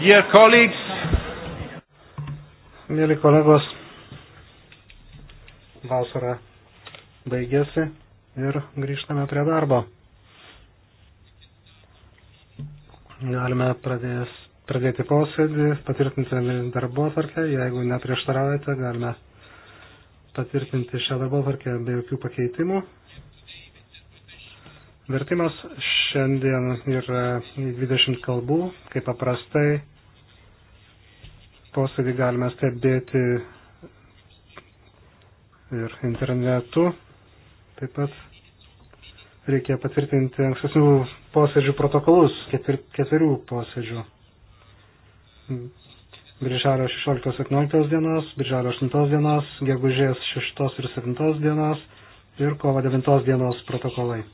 Dear colleagues, mėly kolegos, vasara baigėsi ir grįžtame prie darbo. Galime pradės, pradėti posėdį, patvirtinti darbo atvarkę, jeigu neprieštaraujate, galime patvirtinti šią darbo atvarkę be jokių pakeitimų. Vertimas šiandien yra 20 kalbų, kaip paprastai. Posėdį galime stebėti ir internetu. Taip pat reikia patvirtinti ankstesnių posėdžių protokolus, ketvir, ketverių posėdžių. Birželio 16-17 dienos, birželio 8 dienos, gegužės 6 ir 7 dienos ir kovo 9 dienos protokolai.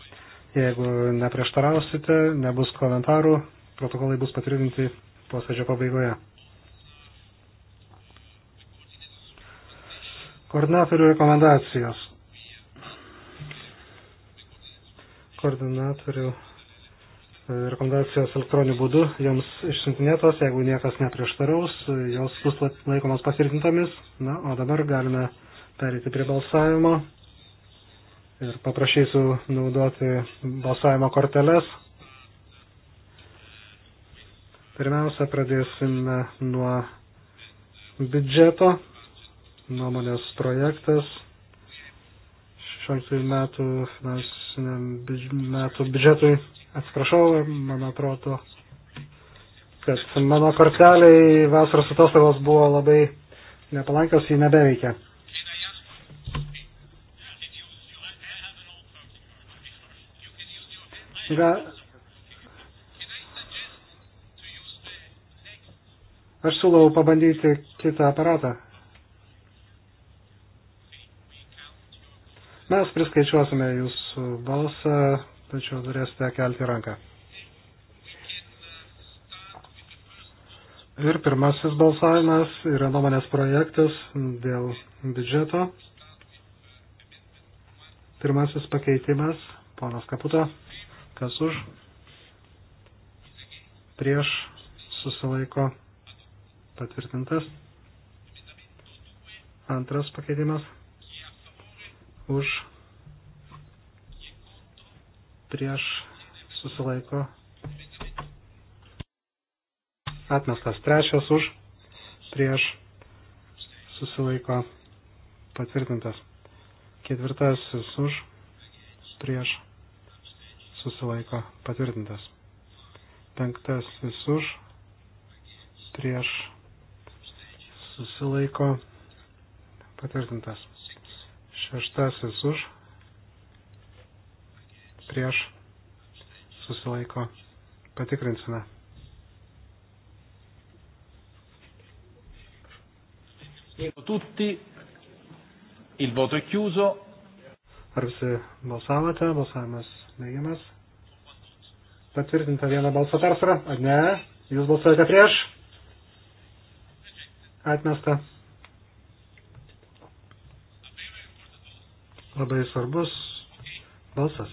Jeigu neprieštarausite, nebus komentarų, protokolai bus patvirtinti posėdžio pabaigoje. Koordinatorių rekomendacijos. Koordinatorių e, rekomendacijos elektroniniu būdu joms išsintinėtos, jeigu niekas neprieštaraus, jos bus laikomas patvirtintomis. Na, o dabar galime perėti prie balsavimo ir paprašysiu naudoti balsavimo korteles. Pirmiausia, pradėsime nuo biudžeto, nuomonės projektas, 16 metų finansiniam metų biudžetui. Atsiprašau, man atrodo, kad mano korteliai vasaros atostogos buvo labai nepalankios, jį nebeveikia. yra. Aš siūlau pabandyti kitą aparatą. Mes priskaičiuosime jūsų balsą, tačiau turėsite kelti ranką. Ir pirmasis balsavimas yra nuomonės projektas dėl biudžeto. Pirmasis pakeitimas, ponas Kaputo. Kas už? Prieš susilaiko patvirtintas. Antras pakeitimas. Už. Prieš susilaiko. Atmestas trečias už. Prieš susilaiko patvirtintas. Ketvirtasis už. Prieš susilaiko patvirtintas. Penktasis už, prieš, susilaiko patvirtintas. Šeštasis už, prieš, susilaiko patikrinsime. Tutti, il voto è chiuso. Ar visi balsavote? Balsavimas neigiamas. Patvirtinta viena balso persvara. Ar ne? Jūs balsuojate prieš? Atmesta. Labai svarbus balsas.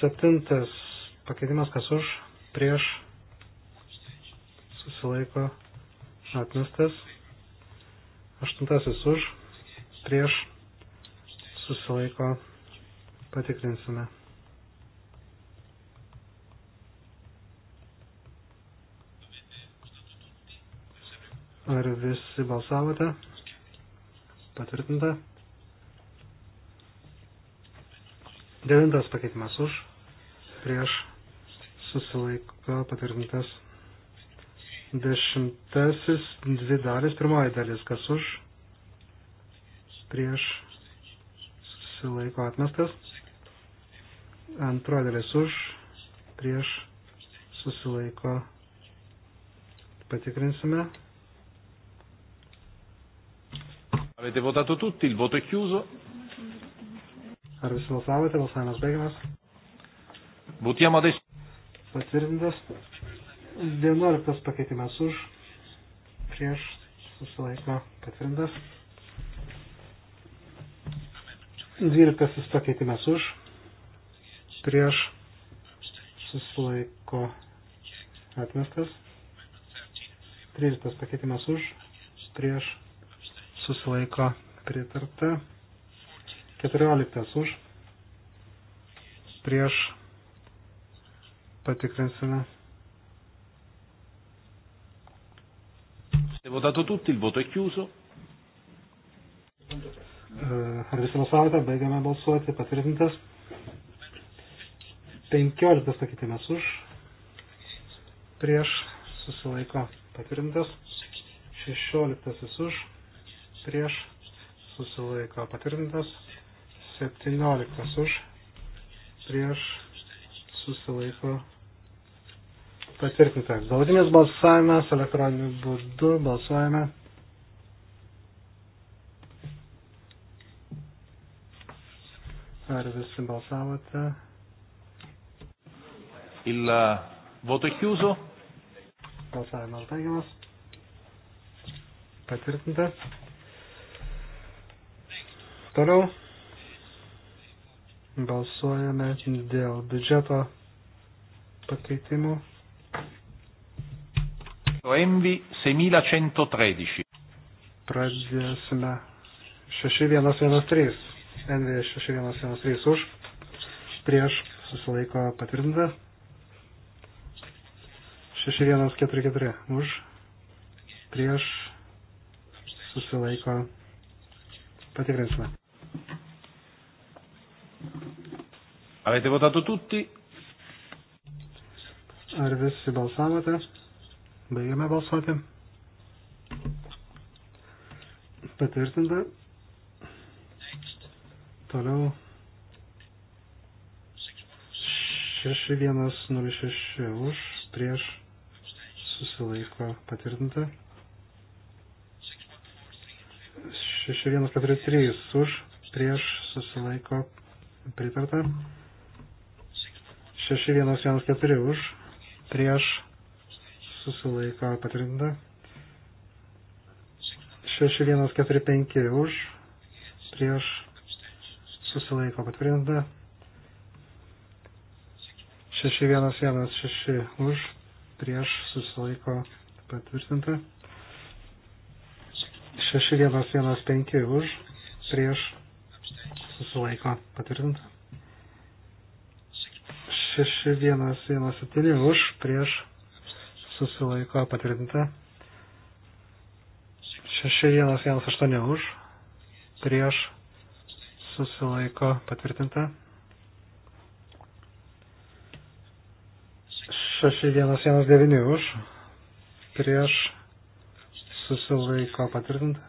Septintas pakeitimas, kas už, prieš, susilaiko, atmestas. Aštuntasis už, prieš, susilaiko patikrinsime. Ar visi balsavote? Patvirtinta. Devintas pakeitimas už, prieš susilaiko patvirtintas. Dešimtasis dvi dalis, pirmoji dalis kas už, prieš susilaiko atmestas. Antroji dalis už, prieš, susilaiko. Patikrinsime. Avete votato tutti, il voto è chiuso. Ar visi balsavote, balsavimas baigiamas. Votiamo adesso. Patvirtintas. 11 pakeitimas už, prieš, susilaiko, patvirtintas. Dvyliktasis pakeitimas už, prieš, susilaiko atmestas. Tryliktas pakeitimas už, prieš, susilaiko pritarta. Keturioliktas už, prieš, patikrinsime. Votato tutti, il voto è chiuso. Ar visi balsavote? Baigiame balsuoti. Patvirtintas. 15 pakeitimas už. Prieš susilaiko patvirtintas. 16 už. Prieš susilaiko patvirtintas. 17 už. Prieš susilaiko patvirtintas. Galutinis balsavimas elektroniniu būdu. Balsuojame. Ar visi balsavote? Il eh, voto è chiuso. Balsavimas baigiamas. Patvirtinta. Toliau balsuojame dėl biudžeto pakeitimų. Envi 6113. Pradėsime 6113. N6113 už, prieš susilaiko patvirtinta. 6144 už, prieš susilaiko patikrinsime. Avete votato tutti? Ar visi balsavote? Baigiame balsuoti. Patvirtinta. Toliau 6106 už, prieš susilaiko patvirtinta. 6143 už, prieš susilaiko pritarta. 6114 už, prieš susilaiko patvirtinta. 6145 už, prieš susilaiko patvirtinta. 6116 už, prieš susilaiko patvirtinta. 6115 už, prieš susilaiko patvirtinta. 6117 už, prieš susilaiko patvirtinta. 6118 už, prieš susilaiko patvirtinta. 6119 už, prieš susilaiko patvirtinta.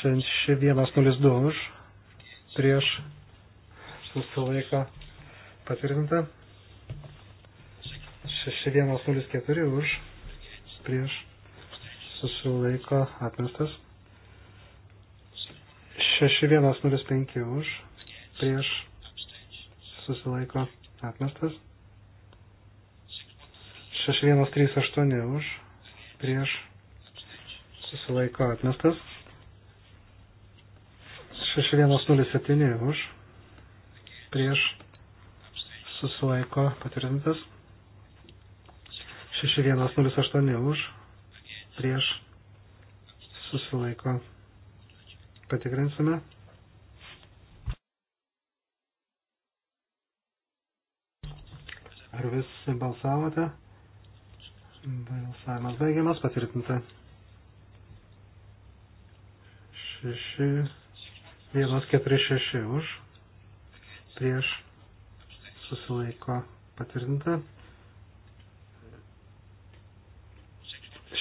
6102 už, prieš susilaiko patvirtinta. 6104 už, prieš susilaiko atmestas. 6105 už, prieš, susilaiko, atmestas. 6138 už, prieš, susilaiko, atmestas. 6107 už, prieš, susilaiko, patvirtintas. 6108 už, prieš, susilaiko, atmestas Patikrinsime. Ar visi balsavote? Balsavimas baigiamas, patvirtinta. Šeši, vienas keturi šeši už, prieš, susilaiko, patvirtinta.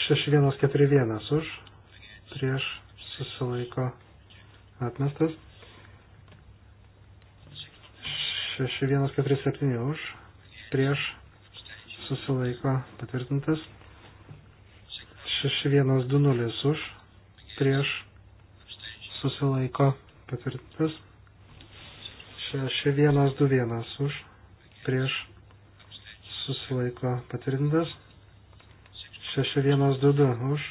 Šeši vienas keturi vienas už, prieš, susilaiko, atmestas. 6147 už, prieš susilaiko patvirtintas. 6120 už, prieš susilaiko patvirtintas. 6121 už, prieš susilaiko patvirtintas. 6122 už,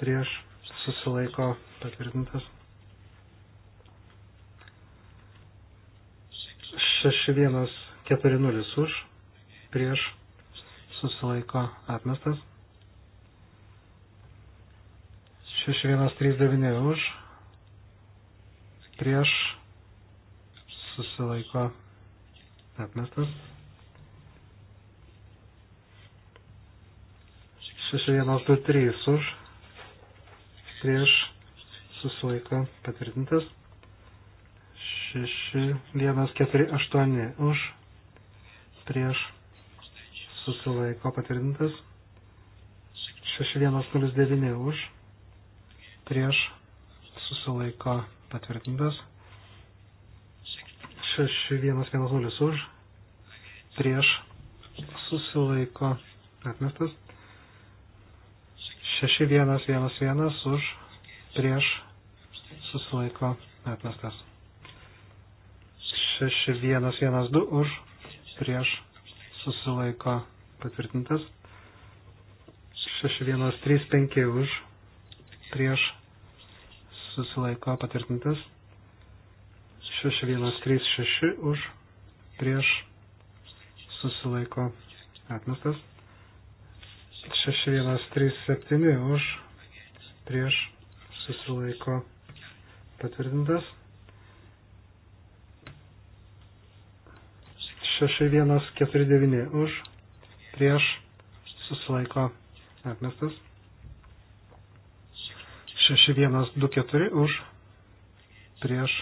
prieš susilaiko patvirtintas. 6140 už, prieš, susilaiko atmestas. 6139 už, prieš, susilaiko atmestas. 6123 už, prieš, susilaiko patvirtintas. 6148 už, prieš susilaiko patvirtintas, 6109 už, prieš susilaiko patvirtintas, 6110 už, prieš susilaiko atmestas, 6111 už, prieš susilaiko atmestas. 6112 už, prieš susilaiko patvirtintas. 6135 už, prieš susilaiko patvirtintas. 6136 už, prieš susilaiko atmestas. 6137 už, prieš susilaiko patvirtintas. 6149 už, prieš, susilaiko atmestas. 6124 už, prieš,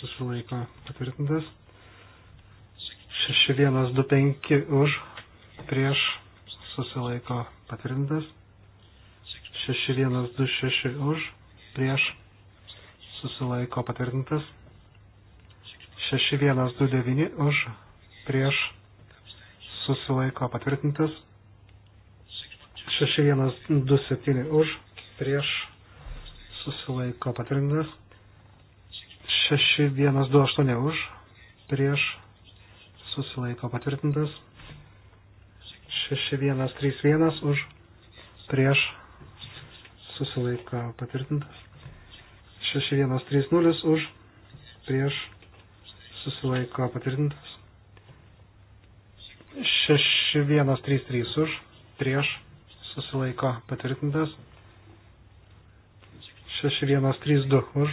susilaiko patvirtintas. 6125 už, prieš, susilaiko patvirtintas. 6126 už, prieš, susilaiko patvirtintas. 6129 už, prieš susilaiko patvirtintas. 6127 už prieš susilaiko patvirtintas. 6128 už prieš susilaiko patvirtintas. 6131 už prieš susilaiko patvirtintas. 6130 už prieš susilaiko patvirtintas. 6133 už, prieš, susilaiko patvirtintas. 6132 už,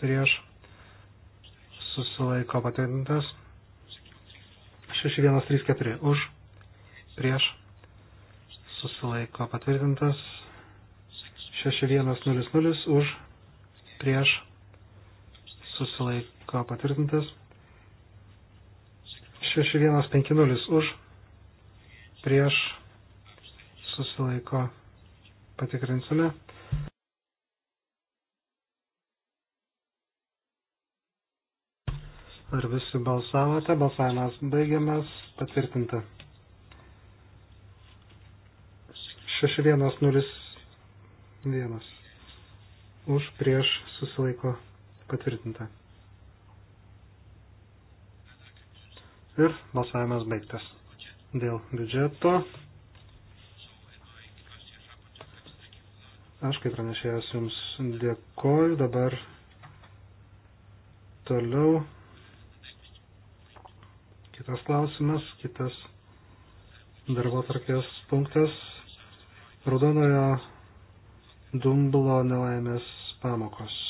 prieš, susilaiko patvirtintas. 6134 už, prieš, susilaiko patvirtintas. 6100 už, prieš, susilaiko patvirtintas. 6150 už, prieš, susilaiko, patikrinsime. Ar visi balsavote? Balsavimas baigiamas, patvirtinta. 6101. Už prieš susilaiko patvirtinta. ir balsavimas baigtas. Dėl biudžeto Aš kaip pranešėjas Jums dėkoju. Dabar toliau kitas klausimas, kitas darbo tarkės punktas. Raudonojo dumblo nelaimės pamokos.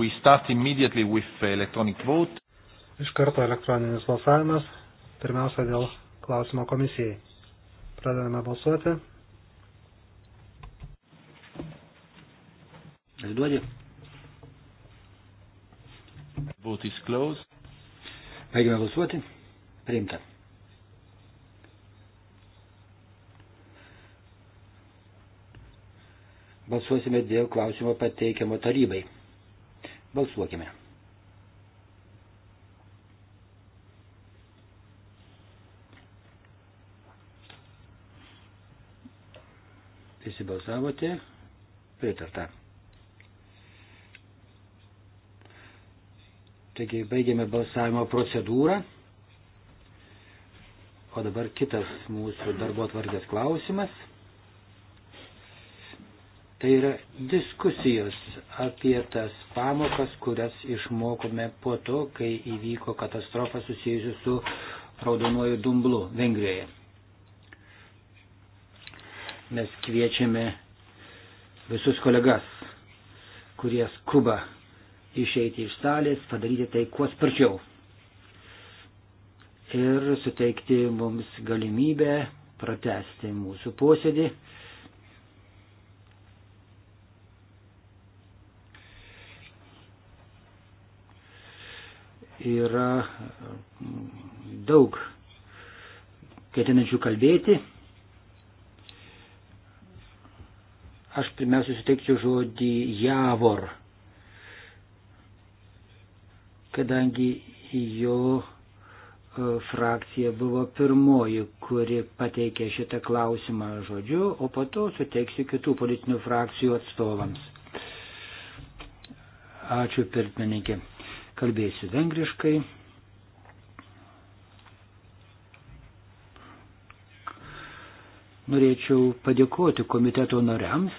We start immediately with electronic vote. Iš karto elektroninis balsavimas, pirmiausia dėl klausimo komisijai. Pradedame balsuoti. Atiduodi. Vote is closed. Baigime balsuoti. Priimta. Balsuosime dėl klausimo pateikiamo tarybai. Balsuokime. Visi balsavote. Pritarta. Taigi baigėme balsavimo procedūrą. O dabar kitas mūsų darbo tvarkės klausimas. Tai yra diskusijos apie tas pamokas, kurias išmokome po to, kai įvyko katastrofa susijusi su raudonuoju dumblu Vengrijoje. Mes kviečiame visus kolegas, kurie skuba išeiti iš salės, padaryti tai kuo sparčiau. Ir suteikti mums galimybę pratesti mūsų posėdį. yra mm, daug ketinančių kalbėti. Aš pirmiausia suteikčiau žodį Javor, kadangi jo e, frakcija buvo pirmoji, kuri pateikė šitą klausimą žodžiu, o po to suteiksiu kitų politinių frakcijų atstovams. Ačiū, pirmininkė. Kalbėsiu vengriškai. Norėčiau padėkoti komiteto nariams,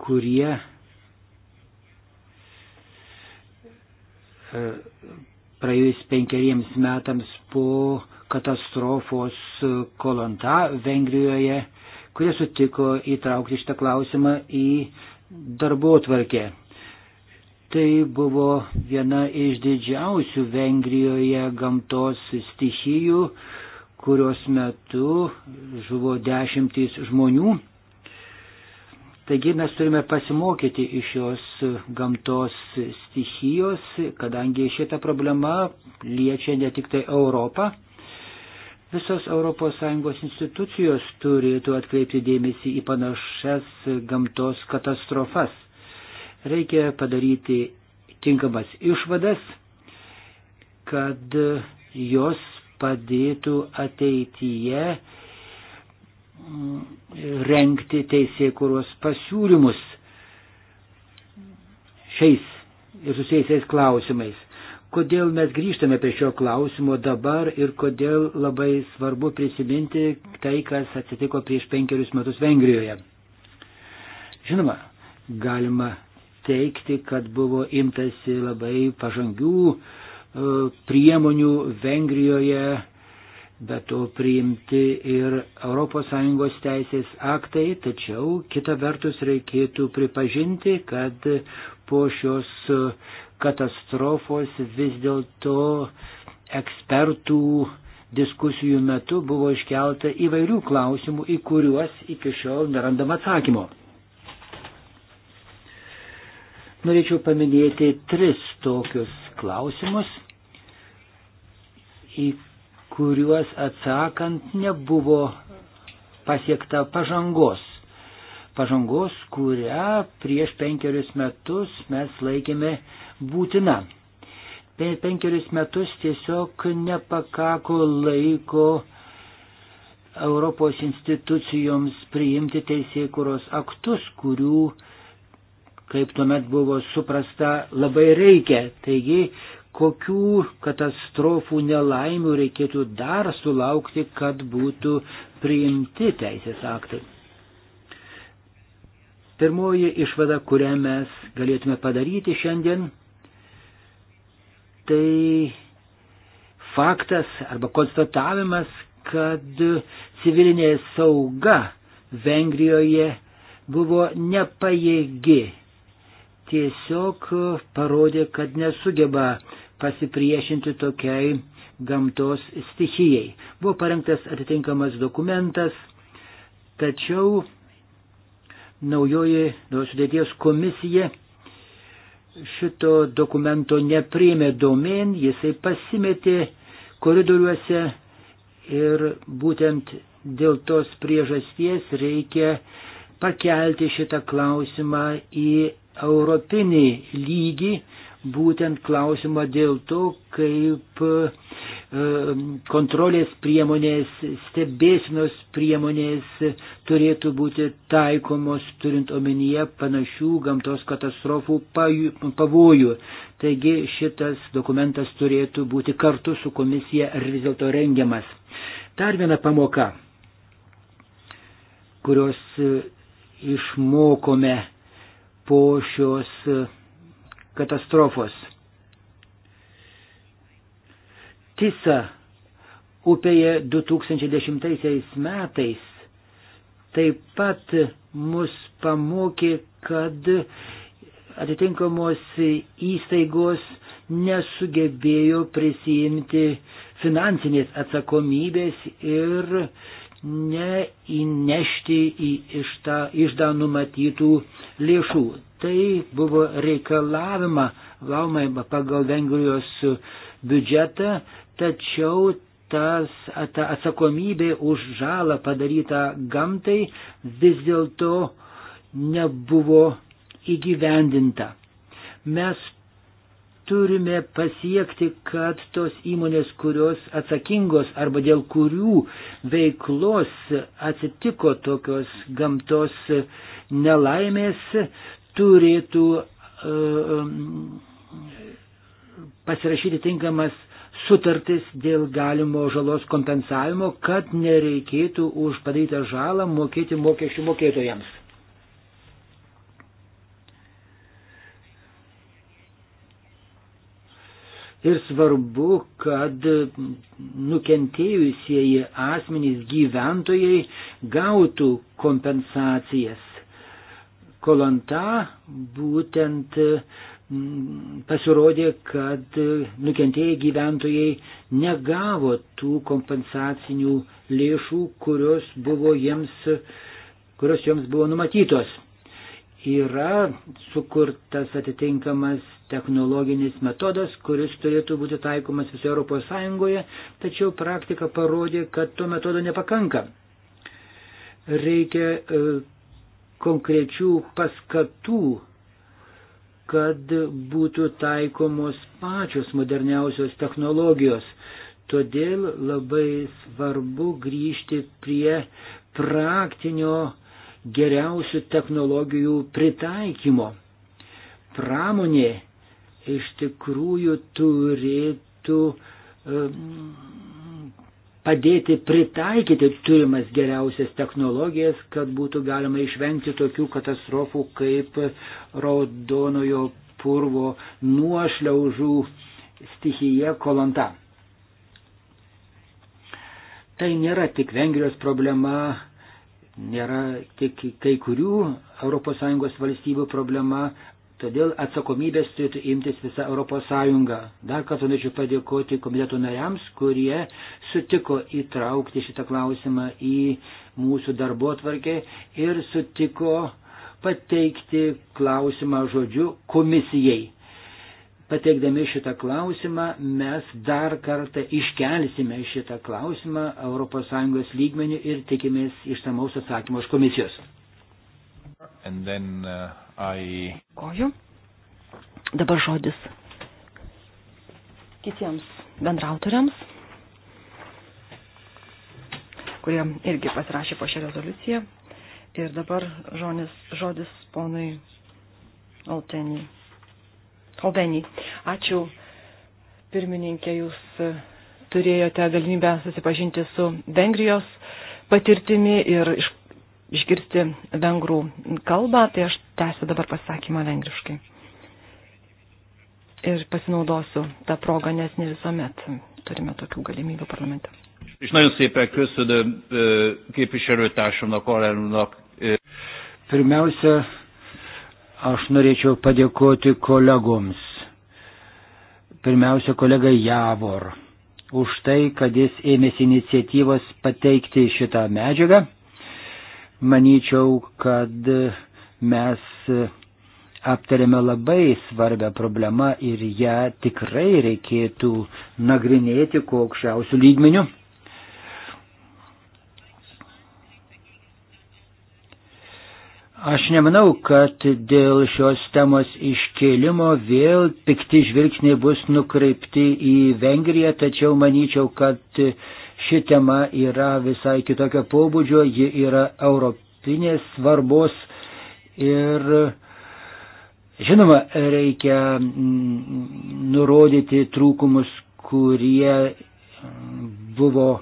kurie e, praėjus penkeriems metams po katastrofos kolonta Vengrijoje, kurie sutiko įtraukti šitą klausimą į darbo tvarkę. Tai buvo viena iš didžiausių Vengrijoje gamtos stichijų, kurios metu žuvo dešimtys žmonių. Taigi mes turime pasimokyti iš šios gamtos stichijos, kadangi šita problema liečia ne tik tai Europą. Visos ES institucijos turėtų atkreipti dėmesį į panašias gamtos katastrofas. Reikia padaryti tinkamas išvadas, kad jos padėtų ateityje renkti teisėkuros pasiūlymus šiais ir susijusiais klausimais. Kodėl mes grįžtame prie šio klausimo dabar ir kodėl labai svarbu prisiminti tai, kas atsitiko prieš penkerius metus Vengrijoje. Žinoma, galima teikti, kad buvo imtasi labai pažangių e, priemonių Vengrijoje, bet to priimti ir ES teisės aktai, tačiau kita vertus reikėtų pripažinti, kad po šios e, katastrofos vis dėlto ekspertų diskusijų metu buvo iškelta įvairių klausimų, į kuriuos iki šiol nerandam atsakymo. Norėčiau paminėti tris tokius klausimus, į kuriuos atsakant nebuvo pasiekta pažangos. Pažangos, kurią prieš penkerius metus mes laikėme būtina. Per penkerius metus tiesiog nepakako laiko Europos institucijoms priimti teisėkuros aktus, kurių kaip tuomet buvo suprasta, labai reikia. Taigi, kokių katastrofų nelaimių reikėtų dar sulaukti, kad būtų priimti teisės aktai. Pirmoji išvada, kurią mes galėtume padaryti šiandien, tai faktas arba konstatavimas, kad civilinė sauga Vengrijoje buvo nepajėgi tiesiog parodė, kad nesugeba pasipriešinti tokiai gamtos stichijai. Buvo parengtas atitinkamas dokumentas, tačiau naujoji naujos sudėties komisija šito dokumento nepriėmė domen, jisai pasimetė koridoriuose ir būtent dėl tos priežasties reikia pakelti šitą klausimą į europinį lygį, būtent klausimą dėl to, kaip e, kontrolės priemonės, stebėsinos priemonės turėtų būti taikomos, turint omenyje panašių gamtos katastrofų pavojų. Taigi šitas dokumentas turėtų būti kartu su komisija ir vis dėlto rengiamas. Dar viena pamoka, kurios e, išmokome po šios e, katastrofos. Tisa upėje 2010 metais taip pat mus pamokė, kad atitinkamos įstaigos nesugebėjo prisijimti finansinės atsakomybės ir neįnešti į ištą, išdą numatytų lėšų. Tai buvo reikalavima pagal Vengrijos biudžetą, tačiau tas, ta atsakomybė už žalą padarytą gamtai vis dėlto nebuvo įgyvendinta. Mes turime pasiekti, kad tos įmonės, kurios atsakingos arba dėl kurių veiklos atsitiko tokios gamtos nelaimės, turėtų uh, pasirašyti tinkamas sutartis dėl galimo žalos kompensavimo, kad nereikėtų už padarytą žalą mokėti mokesčių mokėtojams. Ir svarbu, kad nukentėjusieji asmenys gyventojai gautų kompensacijas. Kolonta būtent mm, pasirodė, kad nukentėjai gyventojai negavo tų kompensacinių lėšų, kurios, jiems, kurios joms buvo numatytos yra sukurtas atitinkamas technologinis metodas, kuris turėtų būti taikomas visoje Europos Sąjungoje, tačiau praktika parodė, kad to metodo nepakanka. Reikia e, konkrečių paskatų, kad būtų taikomos pačios moderniausios technologijos. Todėl labai svarbu grįžti prie praktinio geriausių technologijų pritaikymo. Pramonė iš tikrųjų turėtų um, padėti pritaikyti turimas geriausias technologijas, kad būtų galima išvengti tokių katastrofų kaip raudonojo purvo nuošliaužų stichija kolonta. Tai nėra tik Vengrijos problema, nėra tik kai kurių ES valstybių problema, todėl atsakomybės turėtų imtis visa ES. Dar kartą norėčiau padėkoti komiteto nariams, kurie sutiko įtraukti šitą klausimą į mūsų darbo tvarkę ir sutiko pateikti klausimą žodžiu komisijai. Pateikdami šitą klausimą mes dar kartą iškelsime šitą klausimą ES lygmenių ir tikimės išsamaus atsakymo iš komisijos. Then, uh, I... Koju. Dabar žodis kitiems bendrautoriams, kurie irgi pasirašė po šią rezoliuciją. Ir dabar žodis, žodis ponui Altenijai. Obenį. Ačiū, pirmininkė, jūs turėjote galimybę susipažinti su Vengrijos patirtimi ir išgirsti vengrų kalbą, tai aš tęsiu dabar pasakymą vengriškai. Ir pasinaudosiu tą progą, nes ne visuomet turime tokių galimybių parlamente. És nagyon szépen köszönöm képviselőtársamnak, alelnúnak. Pirmiausia, Aš norėčiau padėkoti kolegoms. Pirmiausia, kolega Javor už tai, kad jis ėmėsi iniciatyvos pateikti šitą medžiagą. Manyčiau, kad mes aptarėme labai svarbę problemą ir ją tikrai reikėtų nagrinėti kuo aukščiausių lygmenių. Aš nemanau, kad dėl šios temos iškėlimo vėl pikti žvilgsniai bus nukreipti į Vengriją, tačiau manyčiau, kad ši tema yra visai kitokio pobūdžio, ji yra europinės svarbos ir žinoma, reikia mm, nurodyti trūkumus, kurie mm, buvo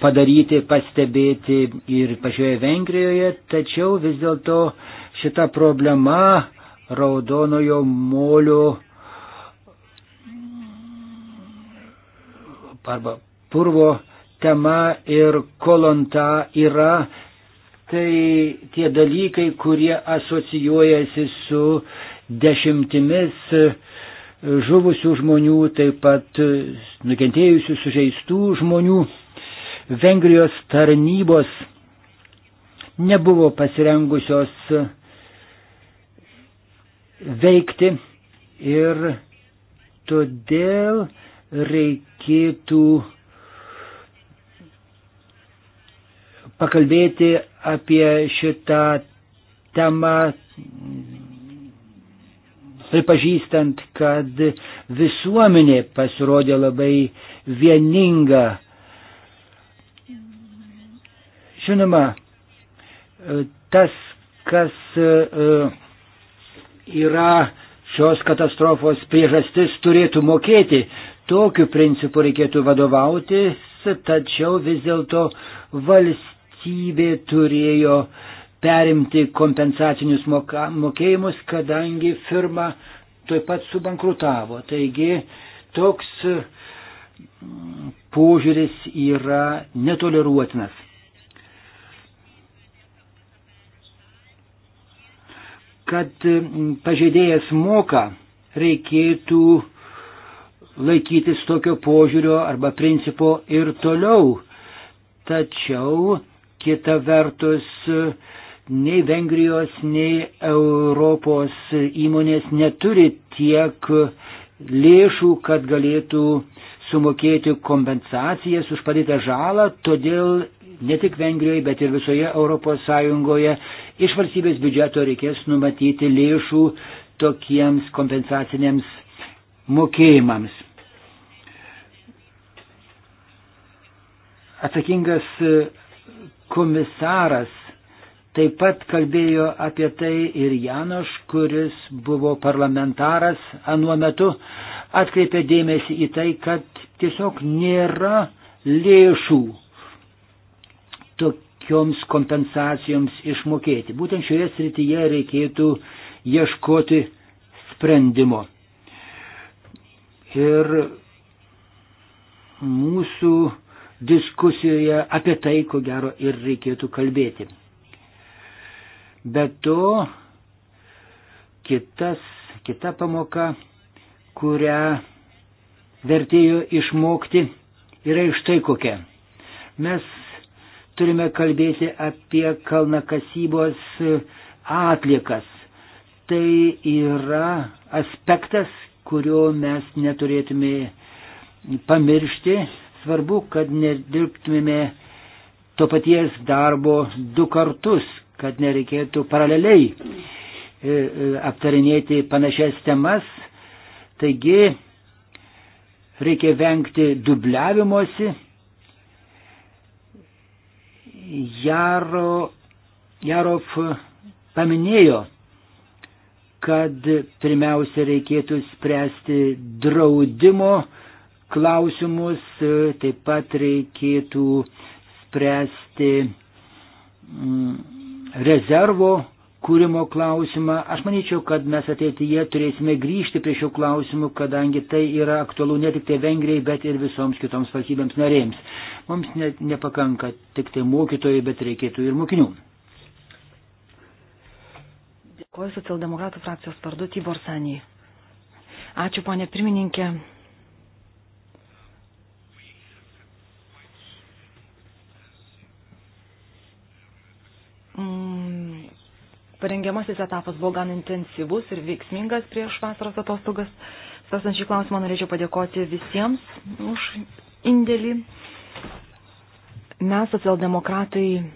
padaryti, pastebėti ir pačioje Vengrijoje, tačiau vis dėlto šita problema raudonojo molio arba purvo tema ir kolonta yra tai tie dalykai, kurie asocijuojasi su dešimtimis žuvusių žmonių, taip pat nukentėjusių, sužeistų žmonių. Vengrijos tarnybos nebuvo pasirengusios veikti ir todėl reikėtų pakalbėti apie šitą temą, pripažįstant, kad visuomenė pasirodė labai vieninga Žinoma, e, tas, kas e, e, yra šios katastrofos priežastis, turėtų mokėti. Tokiu principu reikėtų vadovautis, tačiau vis dėlto valstybė turėjo perimti kompensacinius moka, mokėjimus, kadangi firma taip pat subankrutavo. Taigi toks mm, požiūris yra netoleruotinas. kad mm, pažeidėjas moka, reikėtų laikytis tokio požiūrio arba principo ir toliau. Tačiau kita vertus nei Vengrijos, nei Europos įmonės neturi tiek lėšų, kad galėtų sumokėti kompensacijas už padėtą žalą, todėl ne tik Vengrijoje, bet ir visoje ES iš valstybės biudžeto reikės numatyti lėšų tokiems kompensaciniams mokėjimams. Atsakingas komisaras taip pat kalbėjo apie tai ir Janoš, kuris buvo parlamentaras anuo metu, atkreipė dėmesį į tai, kad tiesiog nėra lėšų. Tok, tokioms kompensacijoms išmokėti. Būtent šioje srityje reikėtų ieškoti sprendimo. Ir mūsų diskusijoje apie tai, ko gero, ir reikėtų kalbėti. Be to, kitas, kita pamoka, kurią vertėjo išmokti, yra iš tai kokia. Mes turime kalbėti apie kalnakasybos atlikas. Tai yra aspektas, kurio mes neturėtume pamiršti. Svarbu, kad nedirbtumėme to paties darbo du kartus, kad nereikėtų paraleliai e, e, aptarinėti panašias temas. Taigi reikia vengti dubliavimuose Jaro, Jarov paminėjo, kad pirmiausia reikėtų spręsti draudimo klausimus, taip pat reikėtų spręsti mm, rezervo kūrimo klausimą. Aš manyčiau, kad mes ateityje turėsime grįžti prie šių klausimų, kadangi tai yra aktualu ne tik tai Vengrijai, bet ir visoms kitoms valstybėms narėms. Mums ne, nepakanka tik tai mokytojų, bet reikėtų ir mokinių. Dėkuoju socialdemokratų frakcijos vardu Tibor Sanijai. Ačiū, ponė pirmininkė. parengiamasis etapas buvo gan intensyvus ir veiksmingas prieš vasaros atostogas. Svarstant šį klausimą norėčiau padėkoti visiems už indėlį. Mes, socialdemokratai,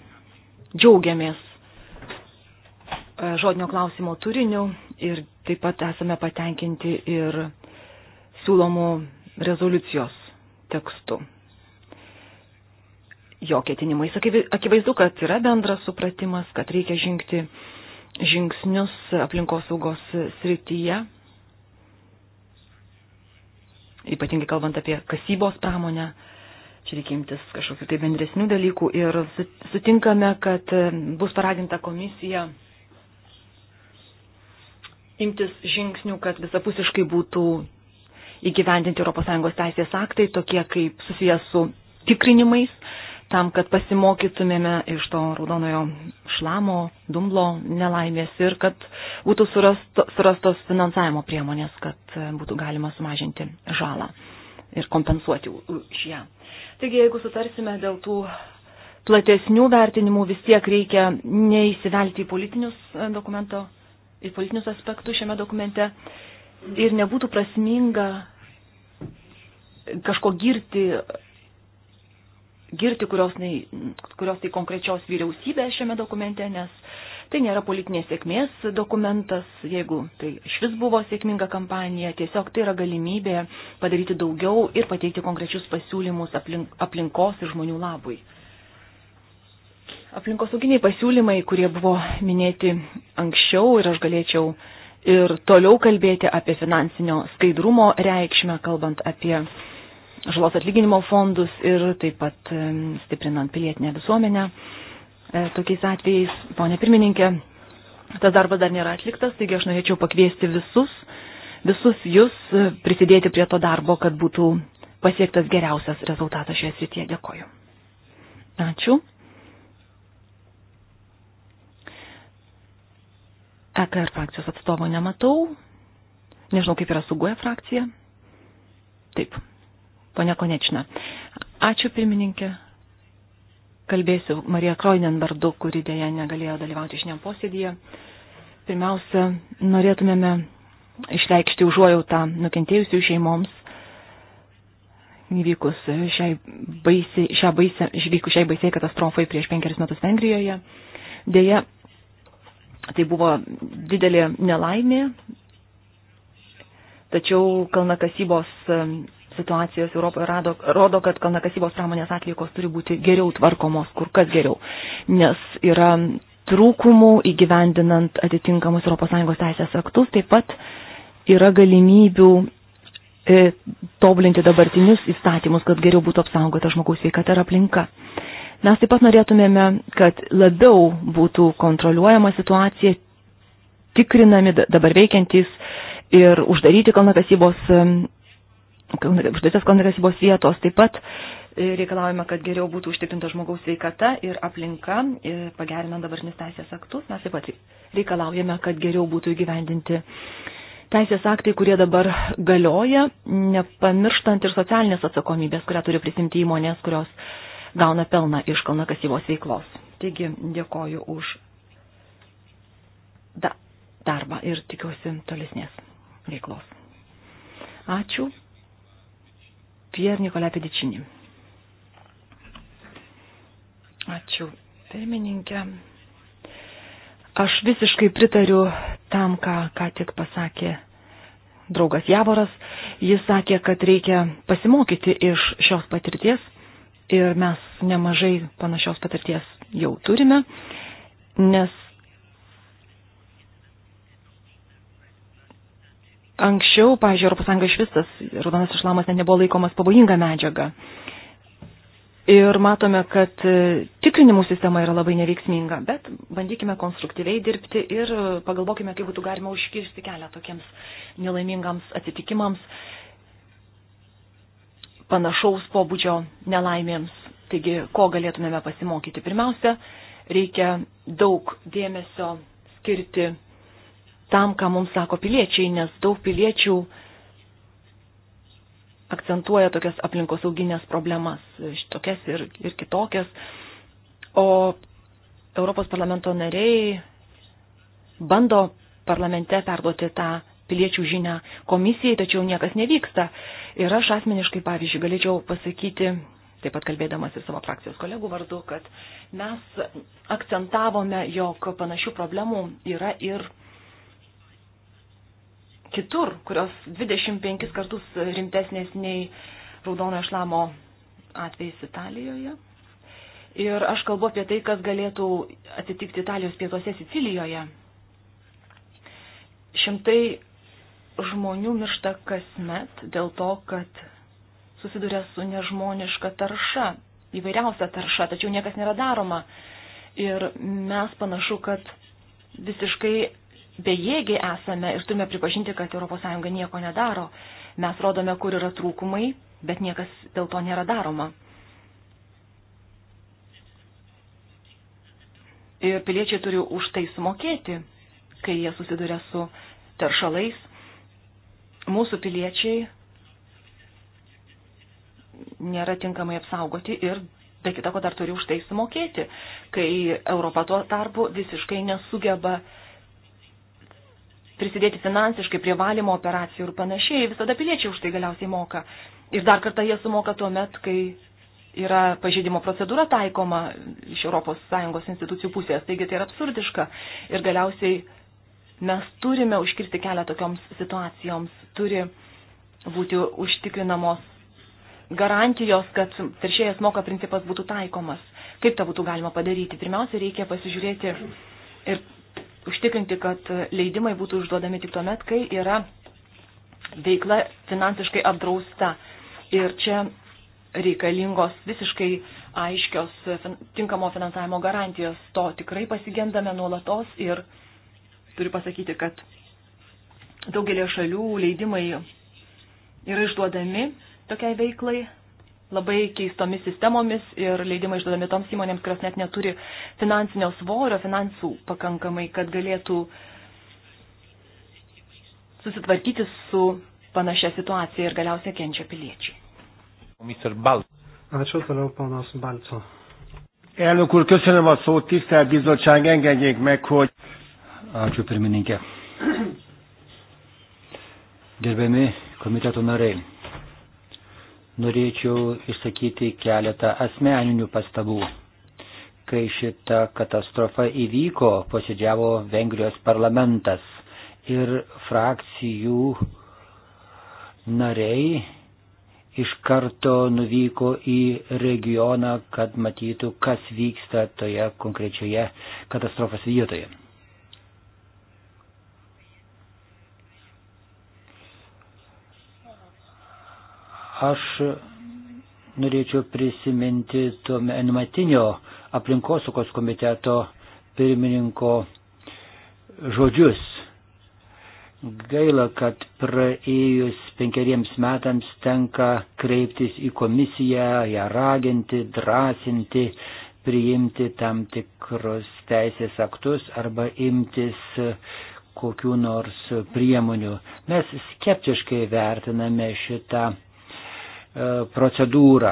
džiaugiamės e, žodinio klausimo turiniu ir taip pat esame patenkinti ir siūlomų rezoliucijos tekstu. Jo ketinimai, akivaizdu, kad yra bendras supratimas, kad reikia žingti žingsnius aplinkosaugos srityje, ypatingai kalbant apie kasybos pramonę. Čia reikia imtis kažkokių tai bendresnių dalykų ir sutinkame, kad e, bus paraginta komisija imtis žingsnių, kad visapusiškai būtų įgyvendinti ES teisės aktai, tokie kaip susijęs su tikrinimais, tam, kad pasimokytumėme iš to raudonojo šlamo, dumblo nelaimės ir kad būtų surasto, surastos finansavimo priemonės, kad e, būtų galima sumažinti žalą ir kompensuoti už ją. Taigi, jeigu sutarsime dėl tų platesnių vertinimų, vis tiek reikia neįsivelti į politinius e, dokumento, į politinius aspektus šiame dokumente ir nebūtų prasminga kažko girti girti kurios, nei, kurios tai konkrečios vyriausybės šiame dokumente, nes tai nėra politinės sėkmės dokumentas, jeigu tai iš vis buvo sėkminga kampanija, tiesiog tai yra galimybė padaryti daugiau ir pateikti konkrečius pasiūlymus aplink, aplinkos ir žmonių labui. Aplinkosauginiai pasiūlymai, kurie buvo minėti anksčiau ir aš galėčiau ir toliau kalbėti apie finansinio skaidrumo reikšmę, kalbant apie žalos atlyginimo fondus ir taip pat e, stiprinant pilietinę visuomenę. E, tokiais atvejais, ponė pirmininkė, tas darbas dar nėra atliktas, taigi aš norėčiau pakviesti visus, visus jūs e, prisidėti prie to darbo, kad būtų pasiektas geriausias rezultatas šioje srityje. Dėkoju. Ačiū. EKR frakcijos atstovo nematau. Nežinau, kaip yra su GUE frakcija. Taip. Pone Konečna. Ačiū pirmininkė. Kalbėsiu Marija Kroinen vardu, kuri dėja negalėjo dalyvauti šiandien posėdėje. Pirmiausia, norėtumėme išreikšti užuojautą nukentėjusių šeimoms įvykus šiai baisiai, šią baisę, išvykus šiai baisiai katastrofai prieš penkeris metus Vengrijoje. Deja, tai buvo didelė nelaimė, tačiau kalnakasybos situacijos Europoje rado, rodo, kad kalnakasybos pramonės atliekos turi būti geriau tvarkomos, kur kas geriau, nes yra trūkumų įgyvendinant atitinkamus ES teisės aktus, taip pat yra galimybių e, tobulinti dabartinius įstatymus, kad geriau būtų apsaugota žmogaus sveikata ir aplinka. Mes taip pat norėtumėme, kad labiau būtų kontroliuojama situacija, tikrinami dabar veikiantys ir uždaryti kalnakasybos e, uždėtas kongresyvos vietos. Taip pat e, reikalavome, kad geriau būtų užtikrinta žmogaus sveikata ir aplinka, ir e, pagerinant dabartinius teisės aktus. Mes taip pat reikalaujame, kad geriau būtų įgyvendinti teisės aktai, kurie dabar galioja, nepamirštant ir socialinės atsakomybės, kurią turi prisimti įmonės, kurios gauna pelną iš kalnakasybos veiklos. Taigi dėkoju už da, darbą ir tikiuosi tolesnės veiklos. Ačiū. Pier Nikolai Pedičinį. Ačiū, pirmininkė. Aš visiškai pritariu tam, ką, ką tik pasakė draugas Javoras. Jis sakė, kad reikia pasimokyti iš šios patirties ir mes nemažai panašios patirties jau turime, nes Anksčiau, pažiūrėjau, Europos Sąjunga iš vis tas raudonas išlamas net nebuvo laikomas pavojinga medžiaga. Ir matome, kad e, tikrinimų sistema yra labai neveiksminga, bet bandykime konstruktyviai dirbti ir pagalvokime, kaip būtų galima užkirsti kelią tokiems nelaimingams atsitikimams, panašaus pobūdžio nelaimėms. Taigi, ko galėtumėme pasimokyti? Pirmiausia, reikia daug dėmesio skirti tam, ką mums sako piliečiai, nes daug piliečių akcentuoja tokias aplinkosauginės problemas, tokias ir, ir kitokias. O Europos parlamento nariai bando parlamente perduoti tą piliečių žinę komisijai, tačiau niekas nevyksta. Ir aš asmeniškai, pavyzdžiui, galėčiau pasakyti, taip pat kalbėdamas ir savo frakcijos kolegų vardu, kad mes akcentavome, jog panašių problemų yra ir kitur, kurios 25 kartus rimtesnės nei raudonojo šlamo atvejais Italijoje. Ir aš kalbu apie tai, kas galėtų atsitikti Italijos pietuose Sicilijoje. Šimtai žmonių miršta kasmet dėl to, kad susiduria su nežmoniška tarša, įvairiausia tarša, tačiau niekas nėra daroma. Ir mes panašu, kad visiškai bejėgiai esame ir turime pripažinti, kad ES nieko nedaro. Mes rodome, kur yra trūkumai, bet niekas dėl to nėra daroma. Ir piliečiai turi už tai sumokėti, kai jie susiduria su teršalais. Mūsų piliečiai nėra tinkamai apsaugoti ir be kita ko dar turi už tai sumokėti, kai Europa tuo tarpu visiškai nesugeba uh, prisidėti finansiškai prie valymo operacijų ir panašiai, visada piliečiai už tai galiausiai moka. Ir dar kartą jie sumoka tuo met, kai yra pažeidimo procedūra taikoma iš ES institucijų pusės. Taigi tai yra absurdiška. Ir galiausiai mes turime užkirsti kelią tokioms situacijoms. Turi būti užtikrinamos garantijos, kad teršėjas moka principas būtų taikomas. Kaip tą būtų galima padaryti? Pirmiausia, reikia pasižiūrėti ir užtikrinti, kad leidimai būtų užduodami tik tuomet, kai yra veikla finansiškai apdrausta. Ir čia reikalingos visiškai aiškios tinkamo finansavimo garantijos. To tikrai pasigendame nuolatos ir turiu pasakyti, kad daugelio šalių leidimai yra išduodami tokiai veiklai, labai keistomis sistemomis ir leidimai išduodami toms įmonėms, kurios net neturi finansinio svorio, finansų pakankamai, kad galėtų susitvarkyti su panašia situacija ir galiausiai kenčia piliečiai. Ačiū toliau, panas Balco. Elnök úr, köszönöm a szót, tisztelt bizottság, engedjék meg, hogy... Ačiū pirmininkė. Gerbiami komiteto nariai norėčiau išsakyti keletą asmeninių pastabų. Kai šita katastrofa įvyko, posėdžiavo Vengrijos parlamentas ir frakcijų nariai iš karto nuvyko į regioną, kad matytų, kas vyksta toje konkrečioje katastrofos vietoje. Aš norėčiau prisiminti to animatinio aplinkosaugos komiteto pirmininko žodžius. Gaila, kad praėjus penkeriems metams tenka kreiptis į komisiją, ją raginti, drąsinti, priimti tam tikrus teisės aktus arba imtis kokių nors priemonių. Mes skeptiškai vertiname šitą E, procedūrą.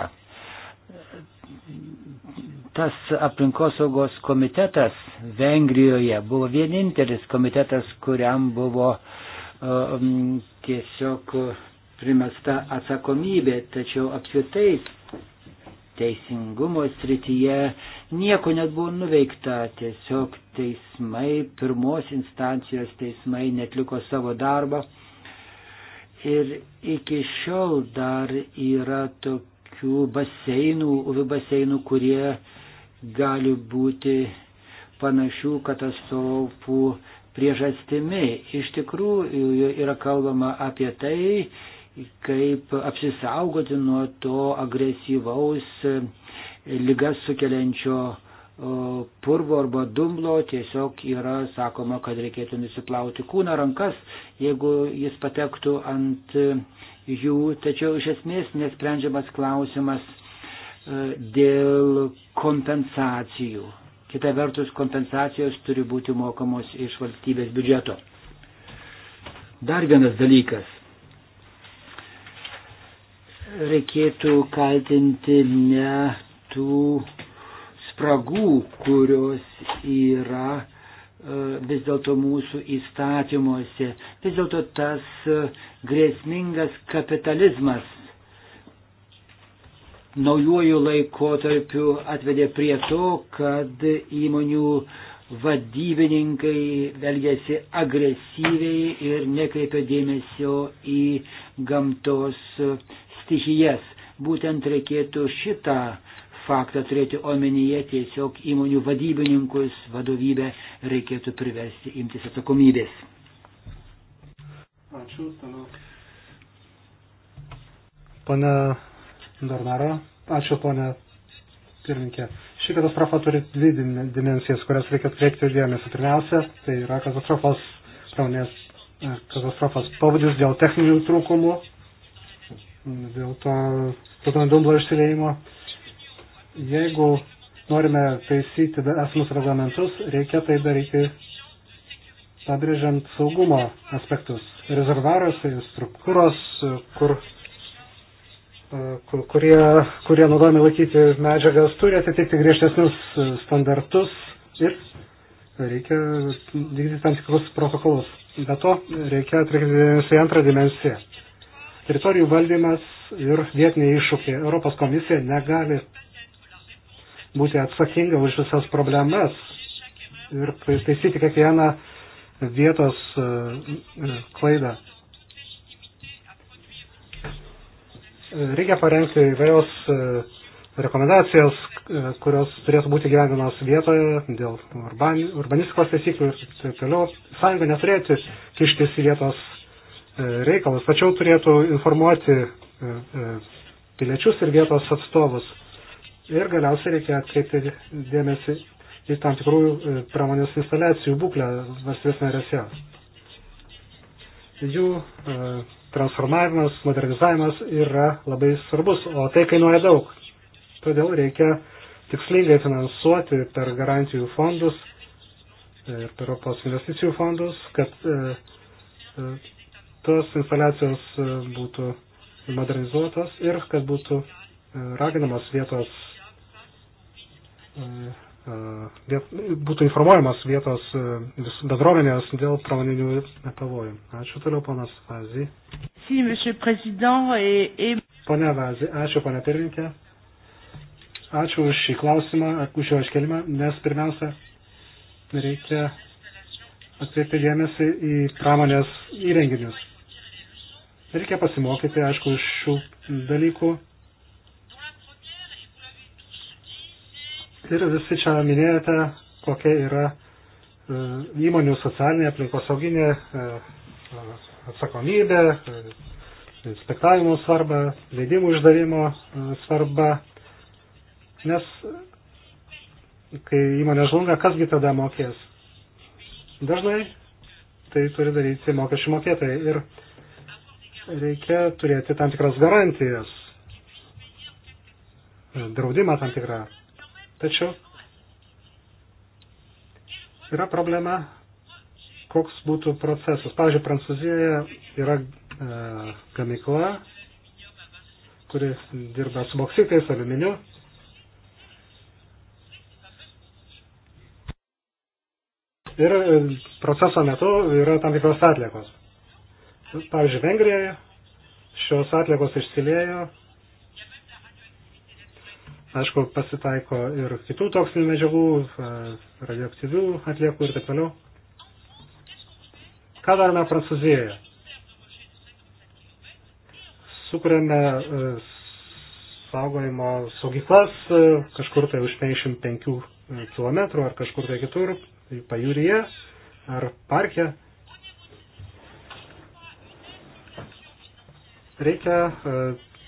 Tas aplinkosaugos komitetas Vengrijoje buvo vienintelis komitetas, kuriam buvo um, tiesiog primesta atsakomybė, tačiau apskritai teisingumo srityje nieko net buvo nuveikta, tiesiog teismai, pirmos instancijos teismai netliko savo darbo Ir iki šiol dar yra tokių baseinų, uvių baseinų, kurie gali būti panašių katastrofų priežastimi. Iš tikrųjų yra kalbama apie tai, kaip apsisaugoti nuo to agresyvaus lygas sukeliančio purvo arba dumblo, tiesiog yra sakoma, kad reikėtų nusiplauti kūną rankas, jeigu jis patektų ant jų. Tačiau iš esmės nesprendžiamas klausimas e, dėl kompensacijų. Kita vertus, kompensacijos turi būti mokamos iš valstybės biudžeto. Dar vienas dalykas reikėtų kaltinti ne tų spragų, kurios yra e, vis dėlto mūsų įstatymuose. Vis dėlto tas e, grėsmingas kapitalizmas naujųjų laikotarpių atvedė prie to, kad įmonių vadybininkai elgėsi agresyviai ir nekreipė dėmesio į gamtos stichijas. Būtent reikėtų šitą faktą turėti omenyje, tiesiog įmonių vadybininkus, vadovybę reikėtų priversti imtis atsakomybės. Ačiū, toliau. Pane Dornaro, ačiū, pane pirminkė. Ši katastrofa turi dvi dimensijas, kurias reikia atkreipti dėmesį. Pirmiausia, tai yra katastrofos, pramonės e, katastrofos pavadis dėl techninių trūkumų, dėl to plutonių dumblo išsileimo Jeigu norime taisyti esamus reglamentus, reikia tai daryti pabrėžiant saugumo aspektus. Rezervaruose ir struktūros, kur, e, kur, kurie, kurie naudojami laikyti medžiagas, turi atitikti griežtesnius standartus ir reikia vykdyti tam tikrus protokolus. Be to, reikia atkreipti į antrą dimensiją. Teritorijų valdymas ir vietiniai iššūkiai. Europos komisija negali būti atsakinga už visas problemas ir taisyti kiekvieną vietos e, e, klaidą. Reikia parengti įvairios e, rekomendacijas, kurios turėtų būti gyvenimas vietoje dėl urbanistikos taisyklių ir taip toliau. Sąjunga neturėtų kištis į vietos reikalus, tačiau turėtų informuoti piliečius ir vietos atstovus. Ir galiausiai reikia atkreipti dėmesį į tam tikrų e, pramonės instaliacijų būklę valstybės narėse. Jų e, transformavimas, modernizavimas yra labai svarbus, o tai kainuoja daug. Todėl reikia tikslingai finansuoti per garantijų fondus ir e, per Europos investicijų fondus, kad tos instaliacijos būtų modernizuotos ir kad būtų raginamos vietos E, e, būtų informuojamas vietos e, bendruomenės dėl pramoninių pavojų. Ačiū toliau, ponas Vazi. Pone Vazi, ačiū, pone pirmininkė. Ačiū už šį klausimą, už jo iškelimą, nes pirmiausia, reikia atkreipti dėmesį į pramonės įrenginius. Reikia pasimokyti, aišku, iš šių dalykų Ir visi čia minėjote, kokia yra e, įmonių socialinė aplinkosauginė e, atsakomybė, e, inspektavimo svarba, leidimų išdavimo svarba. Nes kai įmonė žlunga, kasgi tada mokės? Dažnai tai turi daryti mokesčių mokėtojai ir reikia turėti tam tikras garantijas, draudimą tam tikrą Tačiau yra problema, koks būtų procesas. Pavyzdžiui, Prancūzijoje yra e, gamykla, kuri dirba su boksitais, aliuminiu. Ir e, proceso metu yra tam tikros atliekos. Pavyzdžiui, Vengrijoje šios atliekos išsiliejo Aišku, pasitaiko ir kitų toksinių medžiagų, e, radioaktyvių atliekų ir taip toliau. Ką darome Prancūzijoje? Sukūrėme e, saugojimo saugyklas e, kažkur tai už 55 km ar kažkur tai kitur, pajūryje ar parke. Reikia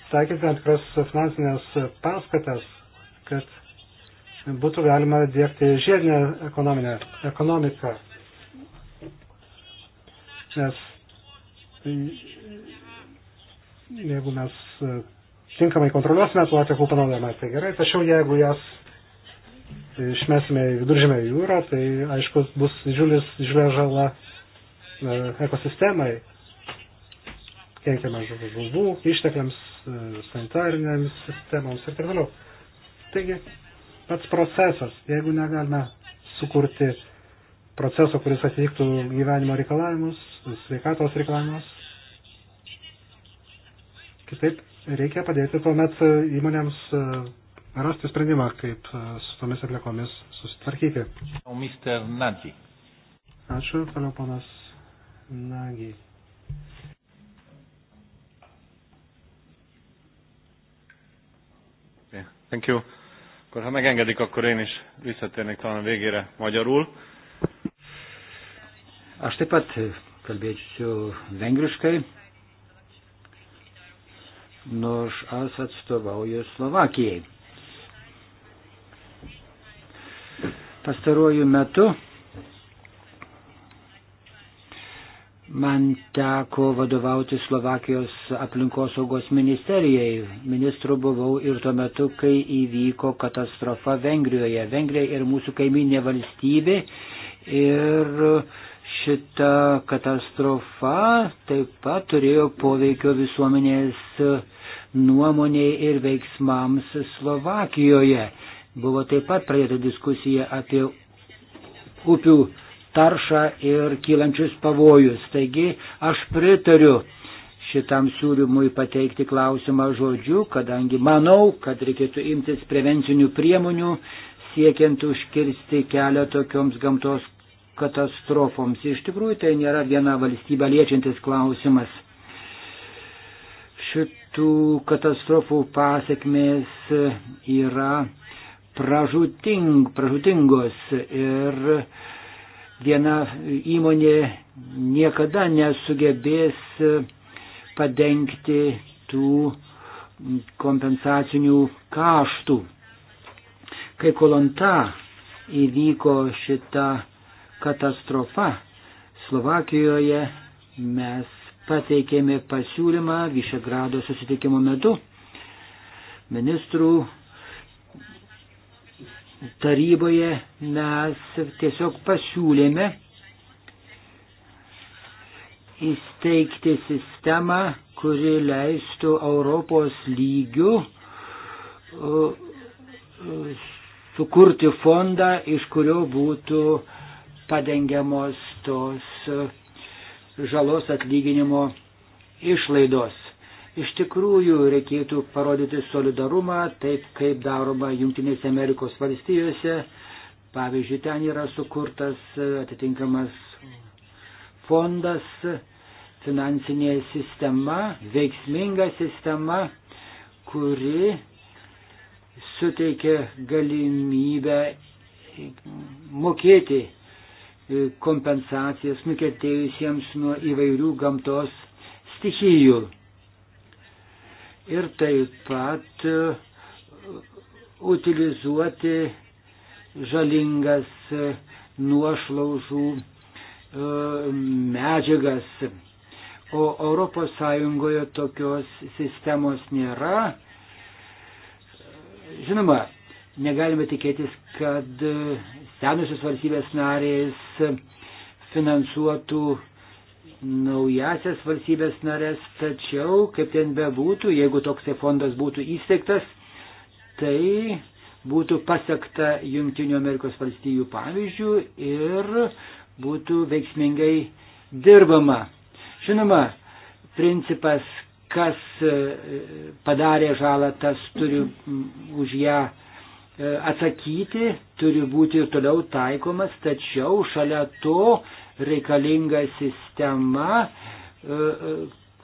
taikyti tam tikras finansinės paskatas kad būtų galima dėkti žiedinę ekonominę ekonomiką. Nes jeigu mes e, tinkamai kontroliuosime tų atliekų panaudojimą, tai gerai, tačiau jeigu jas išmesime į viduržėmę jūrą, tai aišku bus didžiulis didžiulė žala e, ekosistemai, kenkiama žuvų ištekliams, e, sanitarinėms sistemoms ir taip toliau. Taigi, pats procesas, jeigu negalime sukurti proceso, kuris atitiktų gyvenimo reikalavimus, sveikatos reikalavimus, kitaip reikia padėti tuomet e, įmonėms e, rasti sprendimą, kaip e, su tomis atliekomis susitvarkyti. O Mr. Nagy. Ačiū, toliau panas Nagy. Yeah, thank you. Akkor, ha megengedik, akkor én is visszatérnék talán végére magyarul. Aš taip pat kalbėsiu vengriškai, nors aš atstovauju Slovakijai. Pastaruoju metu Man teko vadovauti Slovakijos aplinkosaugos ministerijai. Ministru buvau ir tuo metu, kai įvyko katastrofa Vengrijoje. Vengrija ir mūsų kaiminė valstybė. Ir šita katastrofa taip pat turėjo poveikio visuomenės nuomoniai ir veiksmams Slovakijoje. Buvo taip pat pradėta diskusija apie upių taršą ir kylančius pavojus. Taigi aš pritariu šitam siūlymui pateikti klausimą žodžiu, kadangi manau, kad reikėtų imtis prevencinių priemonių siekiant užkirsti kelią tokioms gamtos katastrofoms. Iš tikrųjų, tai nėra viena valstybė liečiantis klausimas. Šitų katastrofų pasiekmės yra pražuting, pražutingos ir viena įmonė niekada nesugebės e, padengti tų kompensacinių kaštų. Kai kolonta įvyko šita katastrofa, Slovakijoje mes pateikėme pasiūlymą Višegrado susitikimo metu ministrų taryboje mes tiesiog pasiūlėme įsteigti sistemą, kuri leistų Europos lygių sukurti fondą, iš kurio būtų padengiamos tos žalos atlyginimo išlaidos. Iš tikrųjų reikėtų parodyti solidarumą, taip kaip daroma Junktinėse Amerikos valstijose. Pavyzdžiui, ten yra sukurtas e, atitinkamas fondas, finansinė sistema, veiksminga sistema, kuri suteikia galimybę mokėti e, kompensacijas nukentėjusiems nuo įvairių gamtos stichijų ir taip pat e, utilizuoti žalingas e, nuošlaužų e, medžiagas. O ES tokios sistemos nėra. Žinoma, negalime tikėtis, kad senosios valstybės narės finansuotų naujasias valstybės narės, tačiau, kaip ten bebūtų, jeigu toksai fondas būtų įsteigtas, tai būtų pasiekta Junktinių Amerikos valstybių pavyzdžių ir būtų veiksmingai dirbama. Žinoma, principas, kas e, padarė žalą, tas turi už ją e, atsakyti, turi būti ir toliau taikomas, tačiau šalia to reikalinga sistema, e, e,